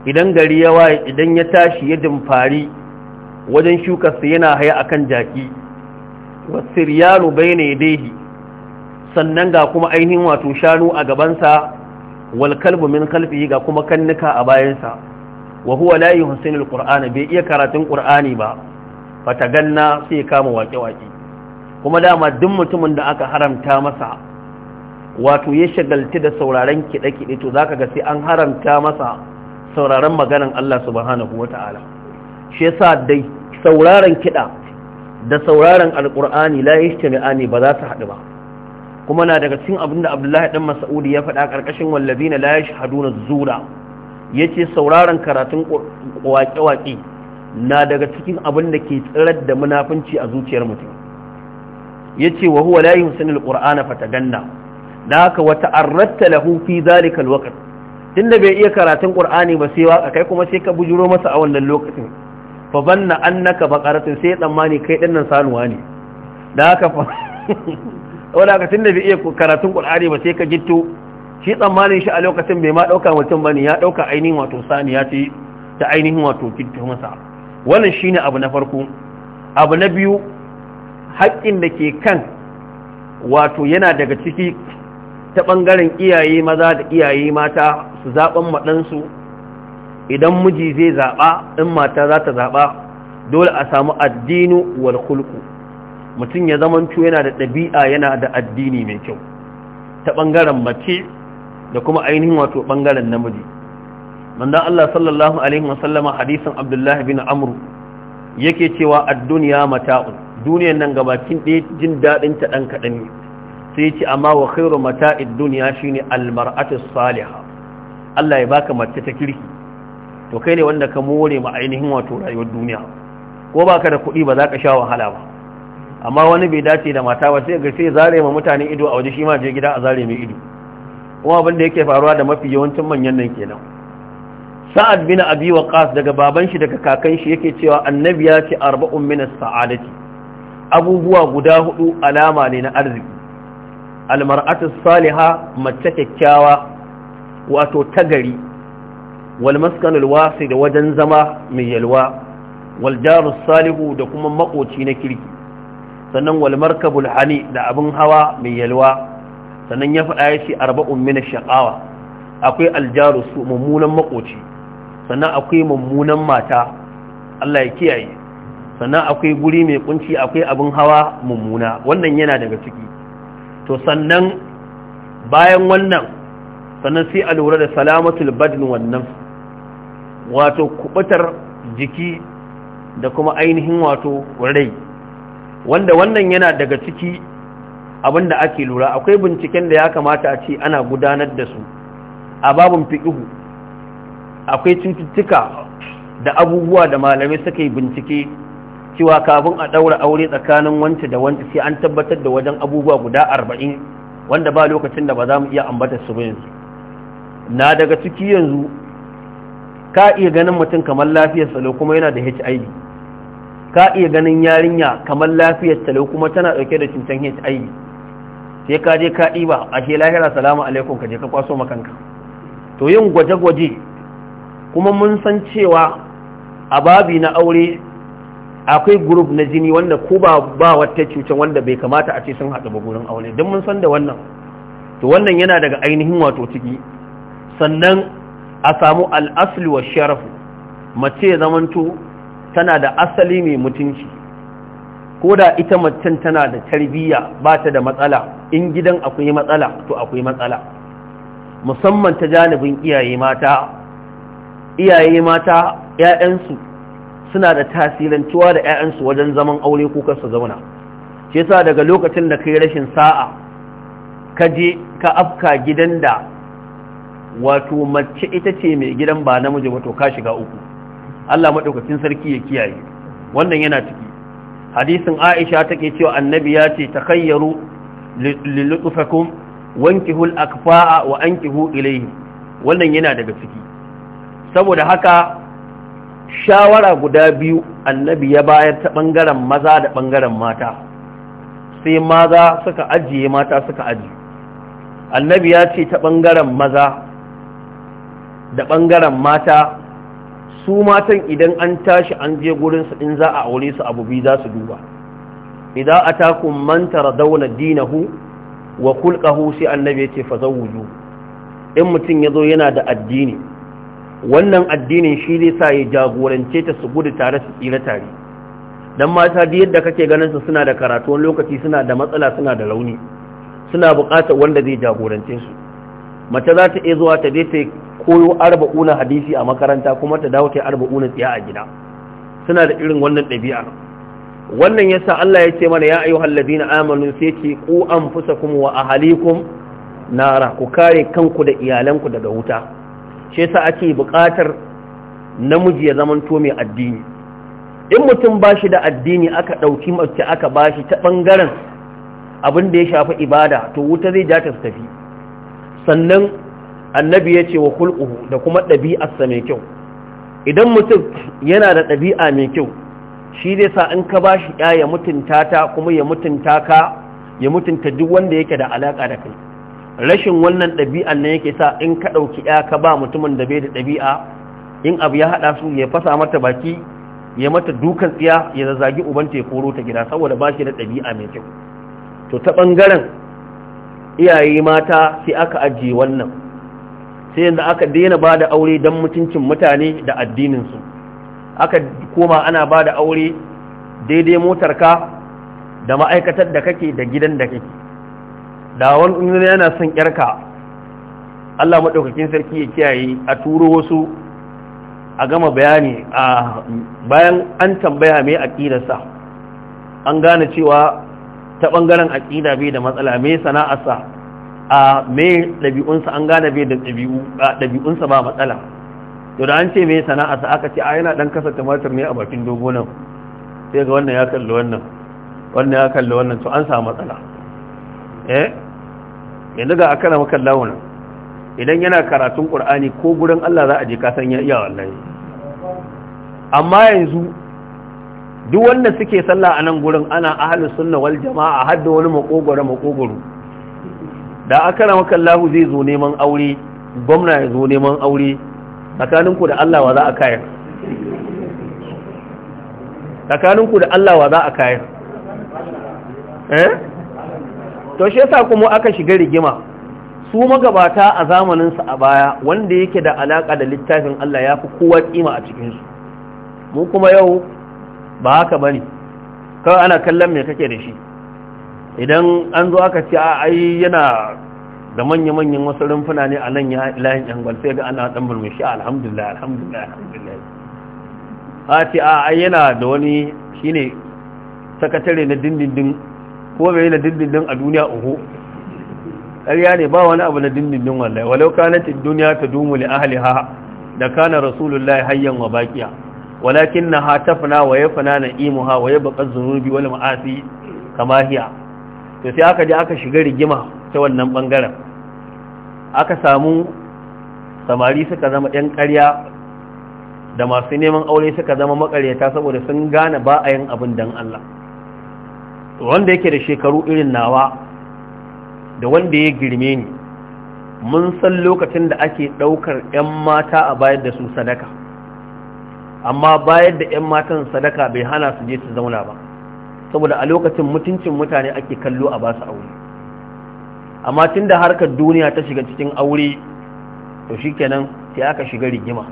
idan gari ya waye idan ya tashi ya dimfari wajen shukarsa yana haya akan jaki wasir yaro bai ne daihi sannan ga kuma ainihin wato shanu a gabansa wal kalbu min kalfi ga kuma kannuka a bayansa wa huwa la yuhsinu qur'ana bai iya karatun qur'ani ba fataganna sai kama waƙe-waƙe kuma dama duk mutumin da aka haramta masa wato ya shagalti da sauraron kiɗe-kiɗe to zaka ga sai an haramta masa sauraron maganan Allah subhanahu ta'ala shi yasa dai sauraron kiɗa da sauraron alƙur'ani la yajtami'ani ba za su haɗu ba kuma na daga cikin abinda Abdullahi dan Mas'udi ya faɗa na layi, shahadu na zura ce sauraron karatun waƙe-waƙe na daga cikin abin da ke tsirar da munafunci a zuciyar mutum yace wa huwa la yuhsinul qur'ana fataganna da haka wata arratta lahu fi zalikal waqt tunda bai iya karatun ƙur'ani ba sai waka kai kuma sai ka bujuro masa a wannan lokacin fa banna annaka baqaratun sai tsammani kai din nan sanuwa ne da haka fa wala ka tunda bai iya karatun ƙur'ani ba sai ka jitto shi tsammanin shi a lokacin bai ma dauka mutum bane ya dauka ainihin wato Sani, ya ce ta ainihin wato jitto masa wannan shine abu na farko abu na biyu haƙƙin da ke kan wato yana daga ciki ta ɓangaren iyaye maza da iyaye mata su zaɓen maɗansu idan miji zai zaɓa in mata za ta zaɓa dole a samu addinu wal kulku mutum ya zamantu yana da ɗabi'a yana da addini mai kyau ta ɓangaren mace da kuma ainihin wato ɓangaren namiji manzan Allah sallallahu alaihi wasallama hadisin abdullahi bin amru yake cewa ad-dunya mata'un duniyar nan gabakin ɗaya jin daɗin ta ɗan kaɗan ne sai ce amma wa khairu mata'id dunya shine almar'atu salihah Allah ya baka mace ta kirki to kai ne wanda ka more ma ainihin wato rayuwar duniya ko baka da kuɗi ba za ka sha wahala ba amma wani bai dace da mata ba sai ga sai zare ma mutane ido a waje shi ma je gida a zare mai ido kuma abin da yake faruwa da mafi yawancin manyan nan kenan sa'ad bin abi waqas daga baban shi daga kakan shi yake cewa annabi ya ce arba'un min as-sa'adati abubuwa guda hudu alama ne na arziki Almar'atar saliha mace kyakkyawa wato tagari wal maskanul wasi da wajen zama mai yalwa wal salihu da kuma makoci na kirki sannan wal markabul hani da abin hawa mai yalwa sannan ya faɗa ya ce arba'un min shaqawa akwai aljarus mummunan makoci sannan akwai mummunan mata Allah ya kiyaye sannan akwai guri mai kunci akwai abin hawa mummuna wannan yana daga ciki to sannan bayan wannan sannan sai a lura da salamatul badin wannan wato kubutar jiki da kuma ainihin wato rai wanda wannan yana daga ciki abin da ake lura akwai binciken da ya kamata a ce ana gudanar da su a babin fiƙihu akwai cututtuka da abubuwa da malamai suka yi bincike cewa kafin a ɗaura aure tsakanin wance da wance sai an tabbatar da wajen abubuwa guda arba'in wanda ba lokacin da ba za mu iya ambata su ba yanzu na daga ciki yanzu ka iya ganin mutum kamar lafiyar salo kuma yana da hiv ka iya ganin yarinya kamar lafiyar salo kuma tana ɗauke da cutar hiv sai ka je ka ɗiba a ke lahira salamu alaikum ka je ka kwaso makanka to yin gwaje-gwaje kuma mun san cewa a babi na aure akwai group na jini wanda ko ba ba wata cutar wanda bai kamata a ce sun haɗu ba gurin aure don mun san da wannan to wannan yana daga ainihin wato ciki sannan a samu al'asli wa sharafu mace ya zamanto tana da asali mai mutunci ko da ita macen tana da tarbiyya ba ta da matsala in gidan akwai matsala to akwai matsala musamman ta janibin iyaye mata iyaye mata 'ya'yansu suna da tasirantuwa da 'ya'yansu wajen zaman aure ko kasu zauna Ke sa daga lokacin da kai rashin sa'a ka je ka afka gidan da wato mace ita ce mai gidan ba namiji wato ka shiga uku Allah maɗaukacin sarki ya kiyaye wannan yana ciki hadisin Aisha ta ke cewa annabi ya ce ta, "Kayyaru, takayyaru wanki hul akfa'a wa ankihu ilaihi wannan yana daga ciki saboda haka shawara guda biyu annabi ya bayar ta ɓangaren maza da ɓangaren mata sai maza suka ajiye mata suka aji annabi ya ce ta ɓangaren maza da ɓangaren mata su matan idan an tashi an je gurinsu in za a aure su abu biyu za su duba idan a takun mantar dauna dinahu wa kulkahu sai annabi ya ce fa zawuju in mutum ya zo yana da addini wannan addinin shi zai sa ya jagorance ta su gudu tare su tsira tare dan mata da yadda kake ganin su suna da karatu wani lokaci suna da matsala suna da launi suna buƙatar wanda zai jagorance su mace za ta iya zuwa ta je ta koyo arba'una hadisi a makaranta kuma ta dawo ta arba'una tsiya a gida suna da irin wannan ɗabi'a wannan yasa Allah ya ce mana ya ayyuhal na, amanu sai ce ku an fusa kuma wa 'Ahalikum nara ku kare kanku da iyalanku daga wuta ce sa ake buƙatar namiji ya zamanto mai addini in mutum ba shi da addini aka ɗauki mace aka ba shi ta ɓangaren abin da ya shafi ibada to wuta zai ja ta tafi sannan annabi ya ce wa hulƙuhu da kuma ɗabi'arsa mai kyau idan mutum yana da ɗabi'a mai kyau shi zai sa in ka ba shi ya mutunta ta kuma ya mutunta ka ya mutunta duk wanda yake da alaƙa da kai rashin wannan ɗabi'an ne yake sa in ka ɗauki ya ka ba mutumin da bai da ɗabi'a in abu ya haɗa su ya fasa mata baki ya mata dukan tsiya ya zazzagi uban ya koro gida saboda ba shi da ɗabi'a mai kyau to ta ɓangaren iyaye mata sai aka ajiye wannan sai yanzu aka daina ba da aure don mutuncin mutane da addininsu aka koma ana ba da aure daidai motarka da ma'aikatar da kake da gidan da kake da wani yana son kyarka Allah maɗaukakin sarki ya kiyaye a turo wasu a gama bayani a bayan an tambaya mai aƙidarsa an gane cewa ta ɓangaren aƙida bai da matsala mai sana'arsa a mai ɗabi'unsa an gane bai da ɗabi'unsa ba matsala to da an ce mai sana'arsa aka ce a yana ɗan kasa tumatir ne a bakin dogonan nan sai ga wannan ya kalli wannan wannan ya kalli wannan to an samu matsala eh yanzu ga akana maka nan, idan yana karatun qur'ani ko gurin Allah za a je ka san ya iya wallahi amma yanzu duk wanda suke sallah a nan gurin ana ahalus sunna wal jama'a hadda wani makogoro makogoro da aka rama kallahu zai zo neman aure gwamna ya zo neman aure tsakaninku da Allah wa za a kayar ku da Allah wa za a kayar eh to shi yasa kuma aka shiga rigima su magabata a zamaninsu a baya wanda yake da alaka da littafin Allah ya fi kowa kima a cikinsu mu kuma yau ba haka bane kawai ana kallon me kake da shi idan an zo aka ce ai yana da manya-manyan wasu rumfuna ne a nan ya ilayin yangon sai ga ana dan murmushi alhamdulillah alhamdulillah alhamdulillah a ce ai yana da wani shine sakatare na dindindin ko mai na dindindin a duniya uku ƙarya ne ba wani abu na dindindin wallahi walau kanatin duniya ta dumu li ahliha da kana rasulullahi hayyan wa baqiya walakin na hatafna wa yafna na'imuha wa yabqa zunubi wal ma'asi kama hiya to sai aka je aka shiga rigima ta wannan bangaren aka samu samari suka zama ɗan ƙarya da masu neman aure suka zama makaryata saboda sun gane ba a yin abin dan Allah wanda yake da shekaru irin nawa da wanda ya girme ni mun san lokacin da ake ɗaukar 'yan mata a bayar da su sadaka amma bayar da 'yan matan sadaka bai hana su je su zauna ba saboda a lokacin mutuncin mutane ake kallo a basu aure amma tun da harkar duniya ta shiga cikin aure to shikenan sai aka shiga rigima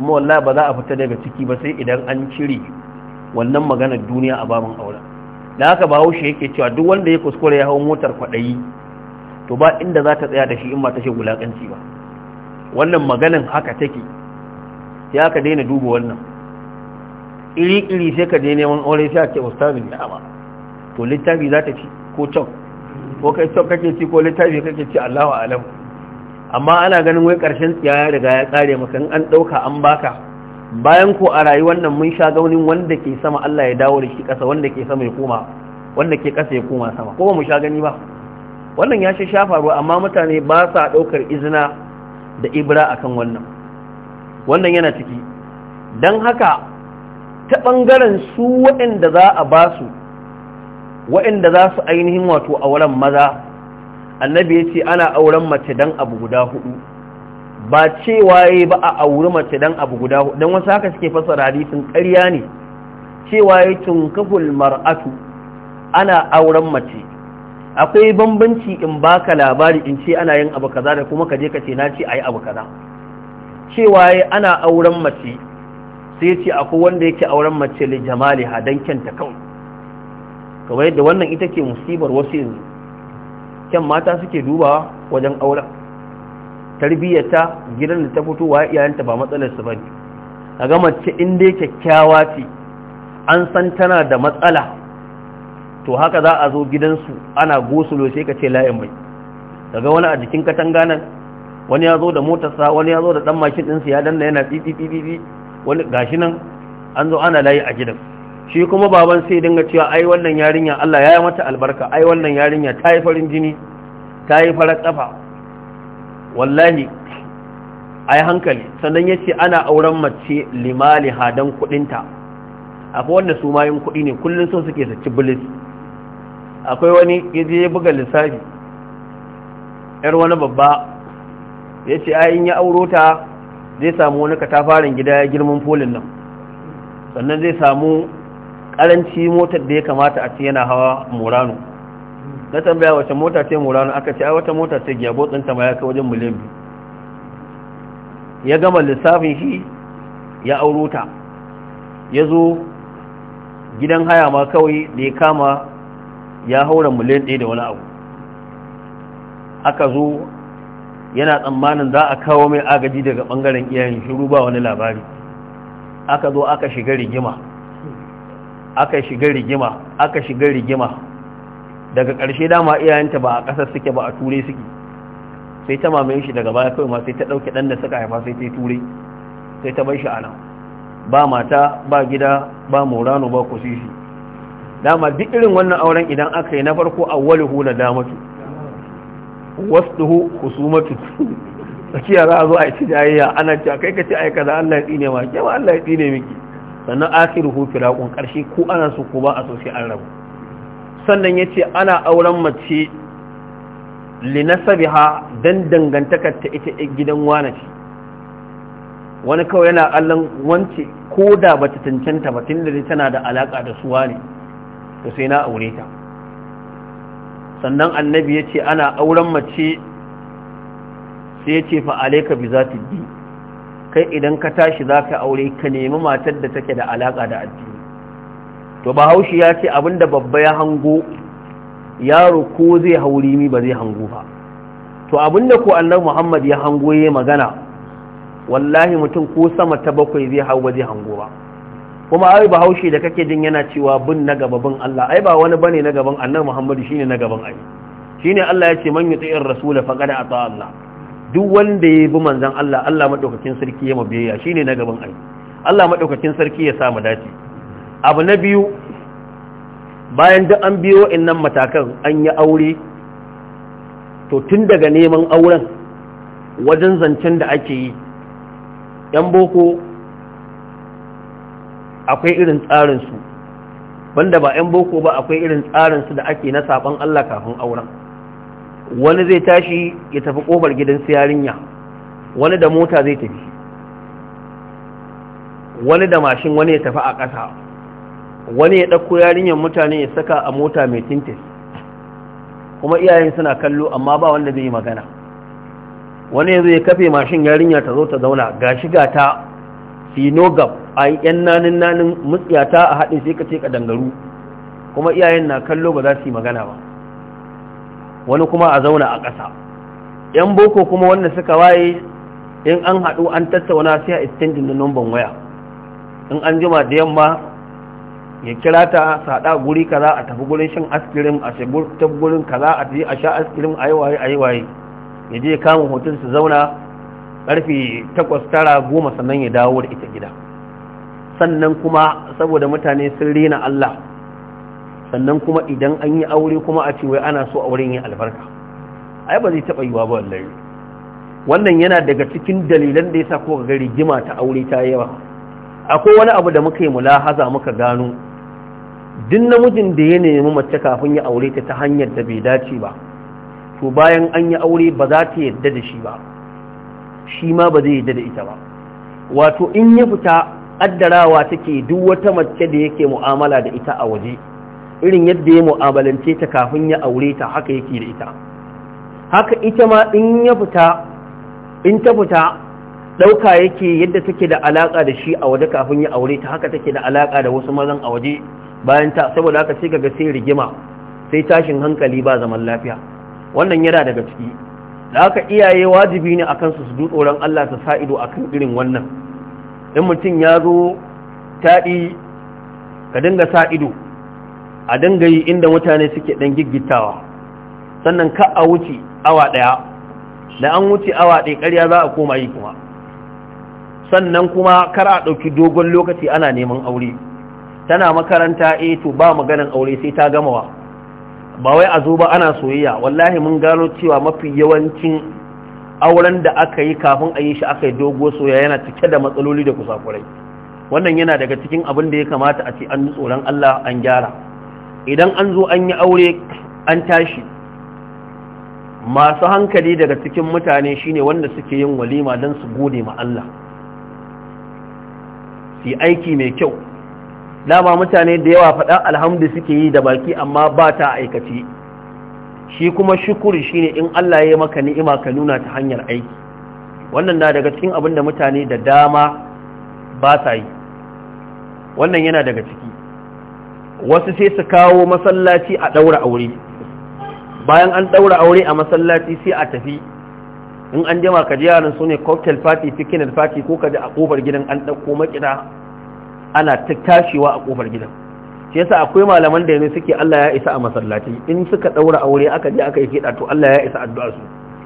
kuma wallahi ba za a fita daga ciki ba sai idan an cire wannan maganar duniya a babin auren da haka ba haushe yake cewa duk wanda ya kuskure ya hau motar kwaɗayi to ba inda za ta tsaya da shi in ba ta shi wulaƙanci ba wannan maganin haka take sai aka daina duba wannan iri-iri sai ka daina yawan aure sai a ce ustazi ne amma to littafi za ta ci ko cok ko kai cok kake ci ko littafi kake ci allahu alam amma ana ganin wai ƙarshen ya riga ya tsare maka in an ɗauka an baka bayan ko a rayuwar nan mun sha gaunin wanda ke sama Allah ya dawo da shi ƙasa wanda ke sama ya koma wanda ke ƙasa ya koma sama ko ba mu sha gani ba wannan ya shafa faruwa amma mutane ba sa ɗaukar izina da ibra akan wannan wannan yana ciki don haka ta ɓangaren su waɗanda za a ba su waɗanda za su ainihin wato auren maza annabi ya ce ana auren mace don abu guda hudu ba cewa yayi ba a auri mace dan abu guda dan wasu haka suke fasa hadisin ƙarya ne cewa yayi tunkaful mar'atu ana auren mace akwai bambanci in baka labari in ce ana yin abu kaza da kuma ka je ka ce na ce ayi abu kaza cewa yayi ana auren mace sai ce akwai wanda yake auren mace li jamaliha dan kyanta kawai kamar yadda wannan ita ke musibar wasu yanzu kyan mata suke dubawa wajen auren tarbiyyata gidan da ta fito wa iyayenta ba matsalar su bane a ga mace in dai kyakkyawa ce an san tana da matsala to haka za a zo gidansu ana gosulo sai ka ce layin mai daga wani a jikin katanga nan wani ya zo da motarsa wani ya zo da dan mashin ɗinsa ya danna yana tsitsitsitsibi wani gashi nan an zo ana layi a gidan shi kuma baban sai dinga cewa ai wannan yarinya Allah ya yi mata albarka ai wannan yarinya ta yi farin jini ta yi farar kafa wallahi ai hankali sannan ya ce ana auren mace limali hadan kudinta akwai wanda su mayin kudi ne kullum sun suke saci bilis akwai wani ya je ya buga lissafi yar wani babba ya ce ayin ya auro ta zai samu wani katafaren gida ya girman folin nan sannan zai samu karanci motar da ya kamata a ce yana hawa murano na tambaya wace mota ce rana aka ce a wata mota ce gyabo ɗinta ma ya kai wajen miliyan biyu ya gama lissafin shi ya auro ta ya zo gidan haya ma kawai da ya kama ya haura miliyan ɗaya da wani abu aka zo yana tsammanin za a kawo mai agaji daga ɓangaren iyayen shiru ba wani labari aka zo aka shiga rigima aka shiga rigima aka shiga rigima daga ƙarshe dama iyayenta ba a ƙasar suke ba a ture suke sai ta mamaye shi daga baya kawai ma sai ta ɗauke ɗan da suka haifa sai ta ture sai ta bai shi a nan ba mata ba gida ba morano ba kusishi dama duk irin wannan auren idan aka yi na farko a awwaluhu na damatu matu husumatu tsakiya za a zo a ci jayayya ana cewa kai ka ce yi kaza Allah ya tsine ma ke ma Allah ya tsine miki sannan akhiruhu firaqun karshe ko ana so ko ba a so sai an rabu sannan ya ce ana auren mace linasabiha don dangantaka ta ita gidan wane ce wani kawai yana allon wance ko da ba ta cancanta ba tun da tana da alaƙa da suwa ne to sai na aure ta sannan annabi ya ce ana auren mace sai ya ce fa'alaika bi za ta bi kai idan ka tashi za ka aure ka nemi matar da take da alaƙa da addini to bahaushe ya ce abinda babba ya hango yaro ko zai hauri mi ba zai hango ba to abinda ko annabi Muhammad ya hango yayi magana wallahi mutum ko sama ta bakwai zai hau ba zai hango ba kuma ai bahaushe da kake jin yana cewa bin na gaba bin Allah ai ba wani bane na gaban annabi Muhammad shine na gaban ai shine Allah ya ce man yuti'ir rasula faqad ata Allah duk wanda ya bi manzon Allah Allah madaukakin sarki ya mabiyya shine na gaban ai Allah madaukakin sarki ya sa mu dace abu na biyu bayan duk an biyo nan matakan an yi aure to tun daga neman auren wajen zancen da ake yi yan boko akwai irin tsarinsu banda ba yan boko ba akwai irin tsarinsu da ake na saban Allah kafin auren wani zai tashi ya tafi kobar gidan yarinya wani da mota zai tafi wani da mashin wani ya tafi a ƙasa wani ya ɗauko yarinyar mutane ya saka a mota mai tintin kuma iyayen suna kallo amma ba wanda zai yi magana wani ya zo ya kafe mashin yarinyar ta zo ta zauna ga shiga ta sinogab a yi yan nanin nanin mutsiyata a haɗin sai ka ce ka dangaru kuma iyayen na kallo ba za su yi magana ba wani kuma a zauna a ƙasa yan boko kuma wanda suka waye in an haɗu an tattauna sai a istinjin na numban waya in an jima da yamma ya kira ta sada guri kaza a tafi gurin shan askirin a shigar ta gurin kaza a tafi a sha askirin a yi waye a yi waye ya je kama hotun su zauna karfe takwas tara goma sannan ya dawo da ita gida sannan kuma saboda mutane sun rena Allah sannan kuma idan an yi aure kuma a ce wai ana so auren yin albarka ai ba zai taɓa yiwuwa ba wallahi wannan yana daga cikin dalilan da yasa ko ga rigima ta aure ta yawa akwai wani abu da muka yi mulahaza muka gano duk namijin da ya nemi mace kafin ya aure ta hanyar da bai dace ba to bayan an yi aure ba za ta yadda da shi ba shi ma ba zai yadda da ita ba wato in ya fita addarawa take duk wata mace da yake mu'amala da ita a waje irin yadda ya mu'amalance ta kafin ya aure ta haka yake da ita haka ita ma in ya fita in ta fita ɗauka yake yadda take da alaƙa da shi a waje kafin ya aure ta haka take da alaƙa da wasu mazan a waje bayan ta saboda haka sai kaga sai rigima sai tashin hankali ba zaman lafiya wannan yana daga ciki da haka iyaye wajibi ne akan su su tsoron Allah su sa ido akan irin wannan in mutum ya zo taɗi ka dinga sa ido a dinga yi inda mutane suke ɗan giggitawa sannan ka a wuce awa ɗaya da an wuce awa ɗaya ƙarya za a koma yi kuma sannan kuma kar a ɗauki dogon lokaci ana neman aure tana makaranta eh to ba maganan aure sai ta gama wa ba wai a zo ba ana soyayya wallahi mun gano cewa mafi yawancin auren da aka yi kafin a yi shi aka yi dogo soyayya yana cike da matsaloli da kusakurai wannan yana daga cikin abin da ya kamata a ce an tsoron Allah an gyara idan an zo an yi aure an tashi masu hankali daga cikin mutane shine wanda suke yin walima don su gode ma Allah su aiki mai kyau dama mutane da yawa faɗa alhamdu suke yi da baki amma ba ta aikaci shi kuma shukuri shine in Allah ya maka ni'ima ka nuna ta hanyar aiki wannan na daga cikin abin da mutane da dama ba sa yi wannan yana daga ciki wasu sai su kawo masallaci a ɗaura aure bayan an ɗaura aure a masallaci sai a tafi in an jama ka ji yaran su ne cocktail party picnic party ko ka ji a ƙofar gidan an ɗauko maƙina. ana ta tashiwa a kofar gidan shi yasa akwai malaman da yanzu suke Allah ya isa a masallaci in suka daura aure aka je aka yi kida to Allah ya isa addu'a su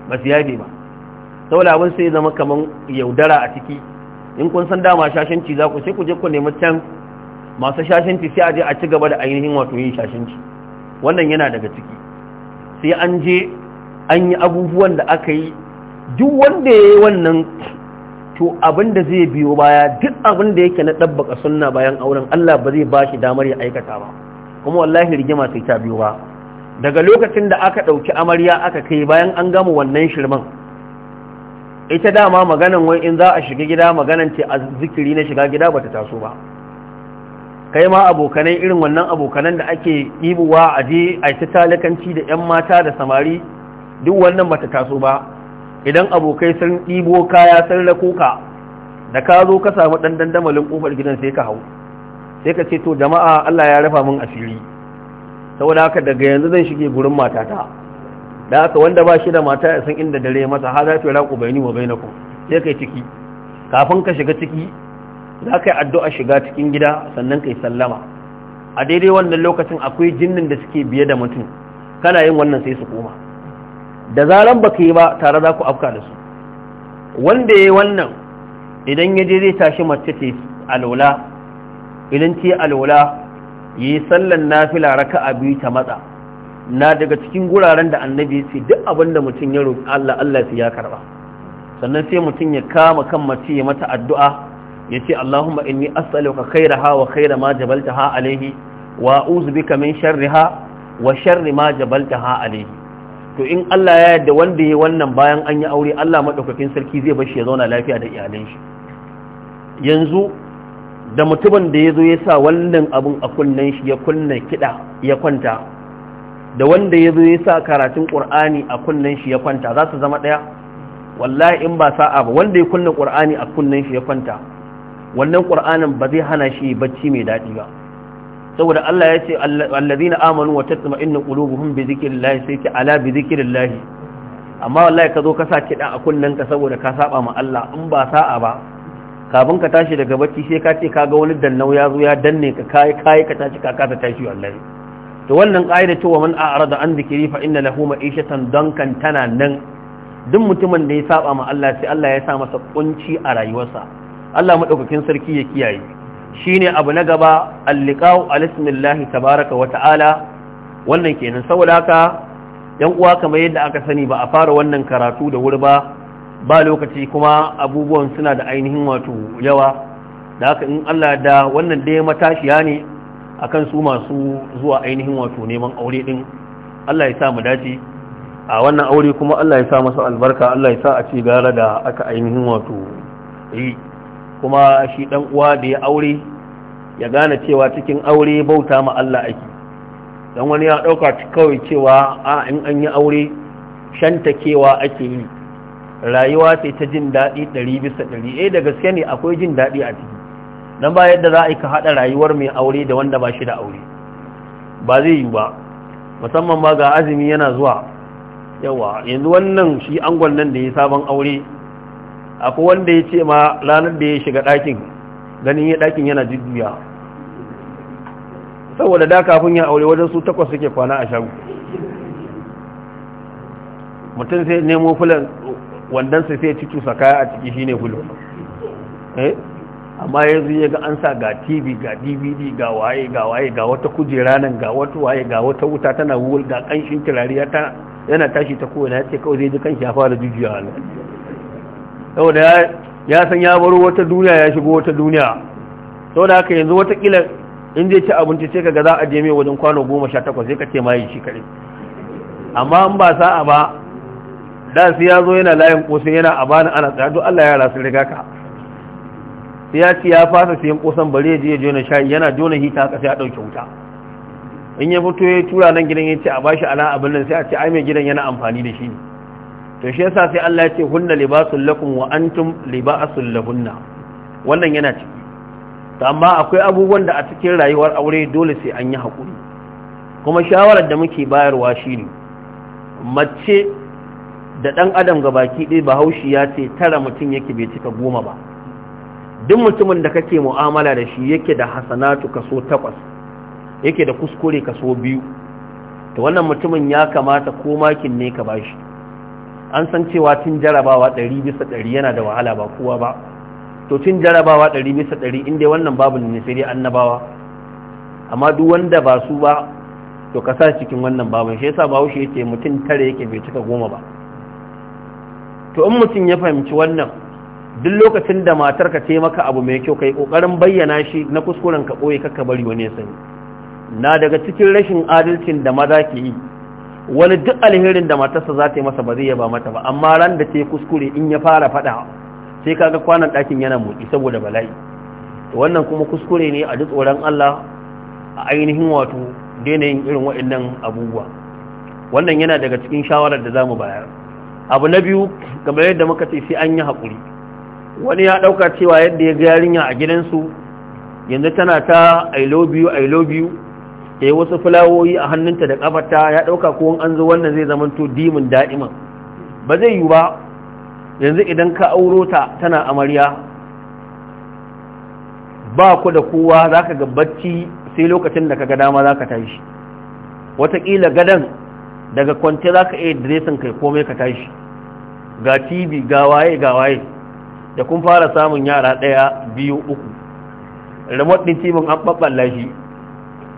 ba su yaje ba saboda abin sai zama kaman yaudara a ciki in kun san dama shashanci za ku sai ku je ku nemi can masu shashanci sai a je a ci gaba da ainihin wato yin shashanci wannan yana daga ciki sai an je an yi abubuwan da aka yi duk wanda ya yi wannan to abin da zai biyo baya duk abin da yake na ɗabbaka sunna bayan auren Allah ba zai ba shi damar ya aikata ba kuma wallahi rigima sai ta biyo ba daga lokacin da aka ɗauki amarya aka kai bayan an gama wannan shirman ita dama maganan wai in za a shiga gida maganan ce a zikiri na shiga gida bata taso ba kai ma abokanai irin wannan abokanan da ake ɗibuwa a je a ta talakanci da 'yan mata da samari duk wannan bata taso ba idan abokai sun ɗibo kaya sun rako ka da ka zo ka samu ɗan dandamalin ƙofar gidan sai ka hau sai ka ce to jama'a Allah ya rafa min asiri saboda haka daga yanzu zan shige gurin matata da haka wanda ba shi da mata ya san inda dare masa ha za ta yi raƙo bayani wa bainaku sai kai ciki kafin ka shiga ciki za ka yi addu'a shiga cikin gida sannan ka sallama a daidai wannan lokacin akwai jinnin da suke biye da mutum kana yin wannan sai su koma da zaran ba ka yi ba tare za ku afka da su wanda ya yi wannan idan ya je zai tashi mace ce alola idan ce alola ya yi sallan fi laraka a biyu ta matsa na daga cikin guraren da annabi ya ce duk abin da mutum ya roƙi Allah Allah ya karba sannan sai mutum ya kama kan mace ya mata addu'a ya ce Allahumma inni as'aluka khairaha wa khaira ma jabaltaha alaihi wa a'udhu bika min sharriha wa sharri ma jabaltaha alaihi to in Allah ya yarda wanda ya wannan bayan an yi aure Allah madaukakin sarki zai bar shi ya zauna lafiya da iyalan shi yanzu da mutumin da ya zo ya sa wannan abun a kunnen shi ya kunna kiɗa ya kwanta da wanda ya zo ya sa karatun ƙur'ani a kunnen shi ya kwanta za su zama ɗaya wallahi in ba sa'a ba wanda ya kunna ƙur'ani a kunnen shi ya kwanta wannan ƙur'anin ba zai hana shi bacci mai daɗi ba saboda Allah ya ce allazina amanu wa tatma'innu qulubuhum bi dhikrillah sai ce ala bi dhikrillah amma wallahi ka zo ka sa kida a kunnen ka saboda ka saba ma Allah in ba sa'a ba kafin ka tashi daga bacci sai ka ce ka ga wani dannau ya zo ya danne ka kai kai ka tashi ka kasa tashi wallahi to wannan qaida wa man a'rada an dhikri fa inna lahu ma'ishatan dankan tana nan duk mutumin da ya saba ma Allah sai Allah ya sa masa kunci a rayuwarsa Allah madaukakin sarki ya kiyaye shine abu na gaba alliqa'u alismillahi tabaraka wa ta'ala wannan kenan saboda haka yan uwa kamar yadda aka sani ba a fara wannan karatu da wuri ba ba lokaci kuma abubuwan suna da ainihin wato yawa da haka in Allah da wannan dai matashiya ne akan su masu zuwa ainihin wato neman aure din Allah ya sa mu dace a wannan aure kuma Allah ya sa masa albarka Allah ya sa a ci gara da aka ainihin wato yi kuma shi ɗan uwa da ya aure ya gane cewa cikin aure bauta ma Allah ake don wani ya ɗauka kawai cewa a in an yi aure shantakewa ake yi rayuwa ce ta jin daɗi ɗari bisa ɗari eh da gaske ne akwai jin daɗi a ciki don ba yadda za a yi ka haɗa rayuwar mai aure da wanda ba shi da aure ba zai yi ba musamman ba ga azumi yana zuwa yawa yanzu wannan shi angon nan da ya sabon aure akwai wanda ya ce ma ranar da ya shiga ɗakin ganin ya ɗakin yana jujjuya saboda da kafin ya aure wajen su takwas suke kwana a shagu mutum sai nemo fulan wandan sai cikin saka kaya a ciki shine fulo eh amma yanzu ya ga an sa ga tv ga dvd ga waye ga waye ga wata kujera nan ga wata waye ga wata wuta tana wul ga kanshin turariya ta yana tashi ta kowane ya ce kawai zai ji kanshi ya fara jujjuya saboda ya san ya baro wata duniya ya shigo wata duniya saboda haka yanzu watakila in zai ci abinci sai ga za a je mai wajen kwano goma sha takwas sai ka ce ma yi shi kare amma in ba sa'a ba da sai ya zo yana layin kosan yana a bani ana tsaye duk Allah ya rasu riga ka ya ci ya fasa siyan kosan bare je ya jona shayi yana jona hita haka sai ya ɗauke wuta in ya fito ya tura nan gidan ya ce a bashi ala abin nan sai a ce ai mai gidan yana amfani da shi ne to shi yasa sai Allah ya ce hunna libasul lakum wa antum libasul lahunna wannan yana ciki to amma akwai abubuwan da a cikin rayuwar aure dole sai an yi hakuri kuma shawarar da muke bayarwa shine mace da dan adam ga baki ɗaya bahaushi ya ce tara mutum yake bai cika goma ba duk mutumin da kake mu'amala da shi yake da hasanatu kaso takwas yake da kuskure kaso biyu to wannan mutumin ya kamata ko makin ne ka bashi an san cewa cin jarabawa ɗari bisa ɗari yana da wahala ba kowa ba to cin jarabawa ɗari bisa ɗari inda wannan babu ne sai dai annabawa amma duk wanda ba su ba to ka sa cikin wannan babin shi yasa bawo shi yake mutum tare yake bai cika goma ba to in mutum ya fahimci wannan duk lokacin da matar ka ce maka abu mai kyau kai kokarin bayyana shi na kuskuren ka boye kaka bari wani ya sani na daga cikin rashin adalcin da maza ke yi wani duk alherin da matarsa za ta yi masa ba zai yaba mata ba amma ran da ce kuskure in ya fara faɗa sai kaga kwanan ɗakin yana motsi saboda bala'i wannan kuma kuskure ne a duk tsoron Allah a ainihin wato daina yin irin waɗannan abubuwa wannan yana daga cikin shawarar da zamu bayar abu na biyu kamar yadda muka ce sai an yi hakuri. wani ya ɗauka cewa yadda ya ga yarinya a gidansu yanzu tana ta i love you i love you ya eh, yi wasu fulawoyi a hannunta da kafarta ya ɗauka ko an zo wannan zai zama to dimin da'ima ba zai yi ba yanzu idan ka auro ta tana amarya ba ku da kowa za ka barci sai lokacin da ka ga dama za ka tashi wataƙila gadan daga kwance za ka iya dresin kai komai ka tashi ga tv ga waye ga waye da kun fara samun yara ɗaya biyu uku remote ɗin timin an ɓaɓɓalla shi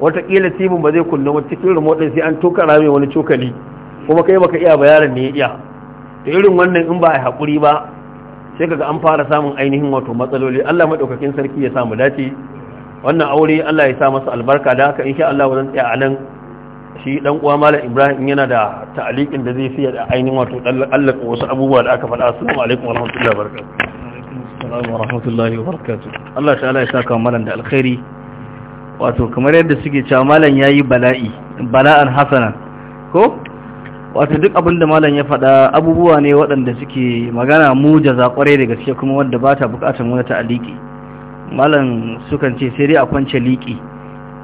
watakila tibin ba zai kullum wata cikin remote din sai an toka rame wani cokali kuma kai baka iya bayaran ne ya iya to irin wannan in ba a haƙuri ba sai kaga an fara samun ainihin wato matsaloli Allah madaukakin sarki ya samu dace wannan aure Allah ya sa masa albarka da haka insha Allah wajen tsaya a nan shi dan uwa malam Ibrahim yana da ta'aliqin da zai fiye da ainihin wato Allah wasu abubuwa da aka faɗa assalamu alaikum warahmatullahi wabarakatuh assalamu alaikum warahmatullahi wabarakatuh Allah ta'ala ya saka malam da alkhairi wato kamar yadda suke cewa malam yayi bala'i bala'an hasanan ko wato duk abin da malam ya faɗa abubuwa ne waɗanda suke magana mu da zaƙware da gaske kuma wanda ba ta buƙatar wani ta'aliki malam sukan ce sai dai a kwance liƙi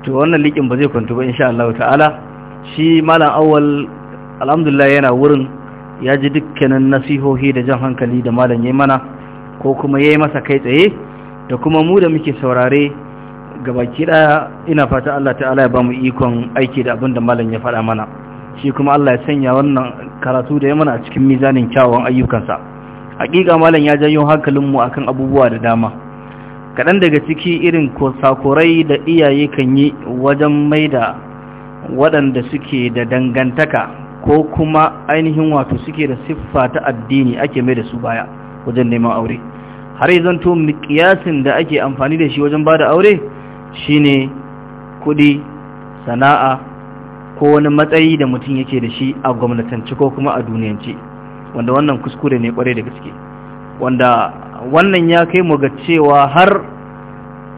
to wannan liƙin ba zai kwantu ba insha Allah ta'ala shi malam awwal alhamdulillah yana wurin ya ji dukkanin nasihohi da jan hankali da malam yayi mana ko kuma ya yi masa kai tsaye da kuma mu da muke saurare gabaki daya ina fata Allah ta'ala ya ba mu ikon aiki da abinda da malam ya faɗa mana shi kuma Allah ya sanya wannan karatu da ya mana a cikin mizanin kyawawan ayyukansa hakika malam ya janyo mu akan abubuwa da dama kaɗan daga ciki irin sakurai da iyaye kan yi wajen maida waɗanda suke da dangantaka ko kuma ainihin wato suke da siffa ta addini ake mai da su baya wajen neman aure har yanzu to miƙiyasin da ake amfani da shi wajen bada aure Shi ne kuɗi sana'a ko wani matsayi da mutum yake da shi a gwamnatanci ko kuma a duniyance wanda wannan kuskure ne kwarai da gaske wanda wannan ya kai mu ga cewa har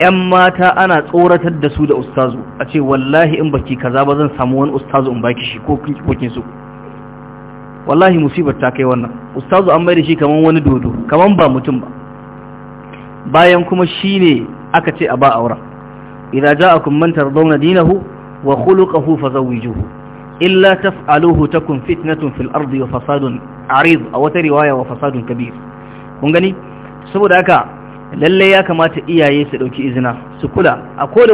'yan mata ana tsoratar da su da ustazu a ce wallahi in baki kaza ba zan samu wani ustazu in baki shi ko kokin su wallahi musibar ta kai wannan ustazu an da shi kaman wani dodo kaman ba mutum ba bayan kuma shine aka ce a ba auren idza ja'akum man tardawna dinahu wa khuluquhu fazawijuhu illa taf'aluhu takun fitnatun fil ardi wa fasadun arid a wata riwaya wa fasadun kabir kun gani saboda haka lallai ya kamata iyaye su dauki izina su kula a koda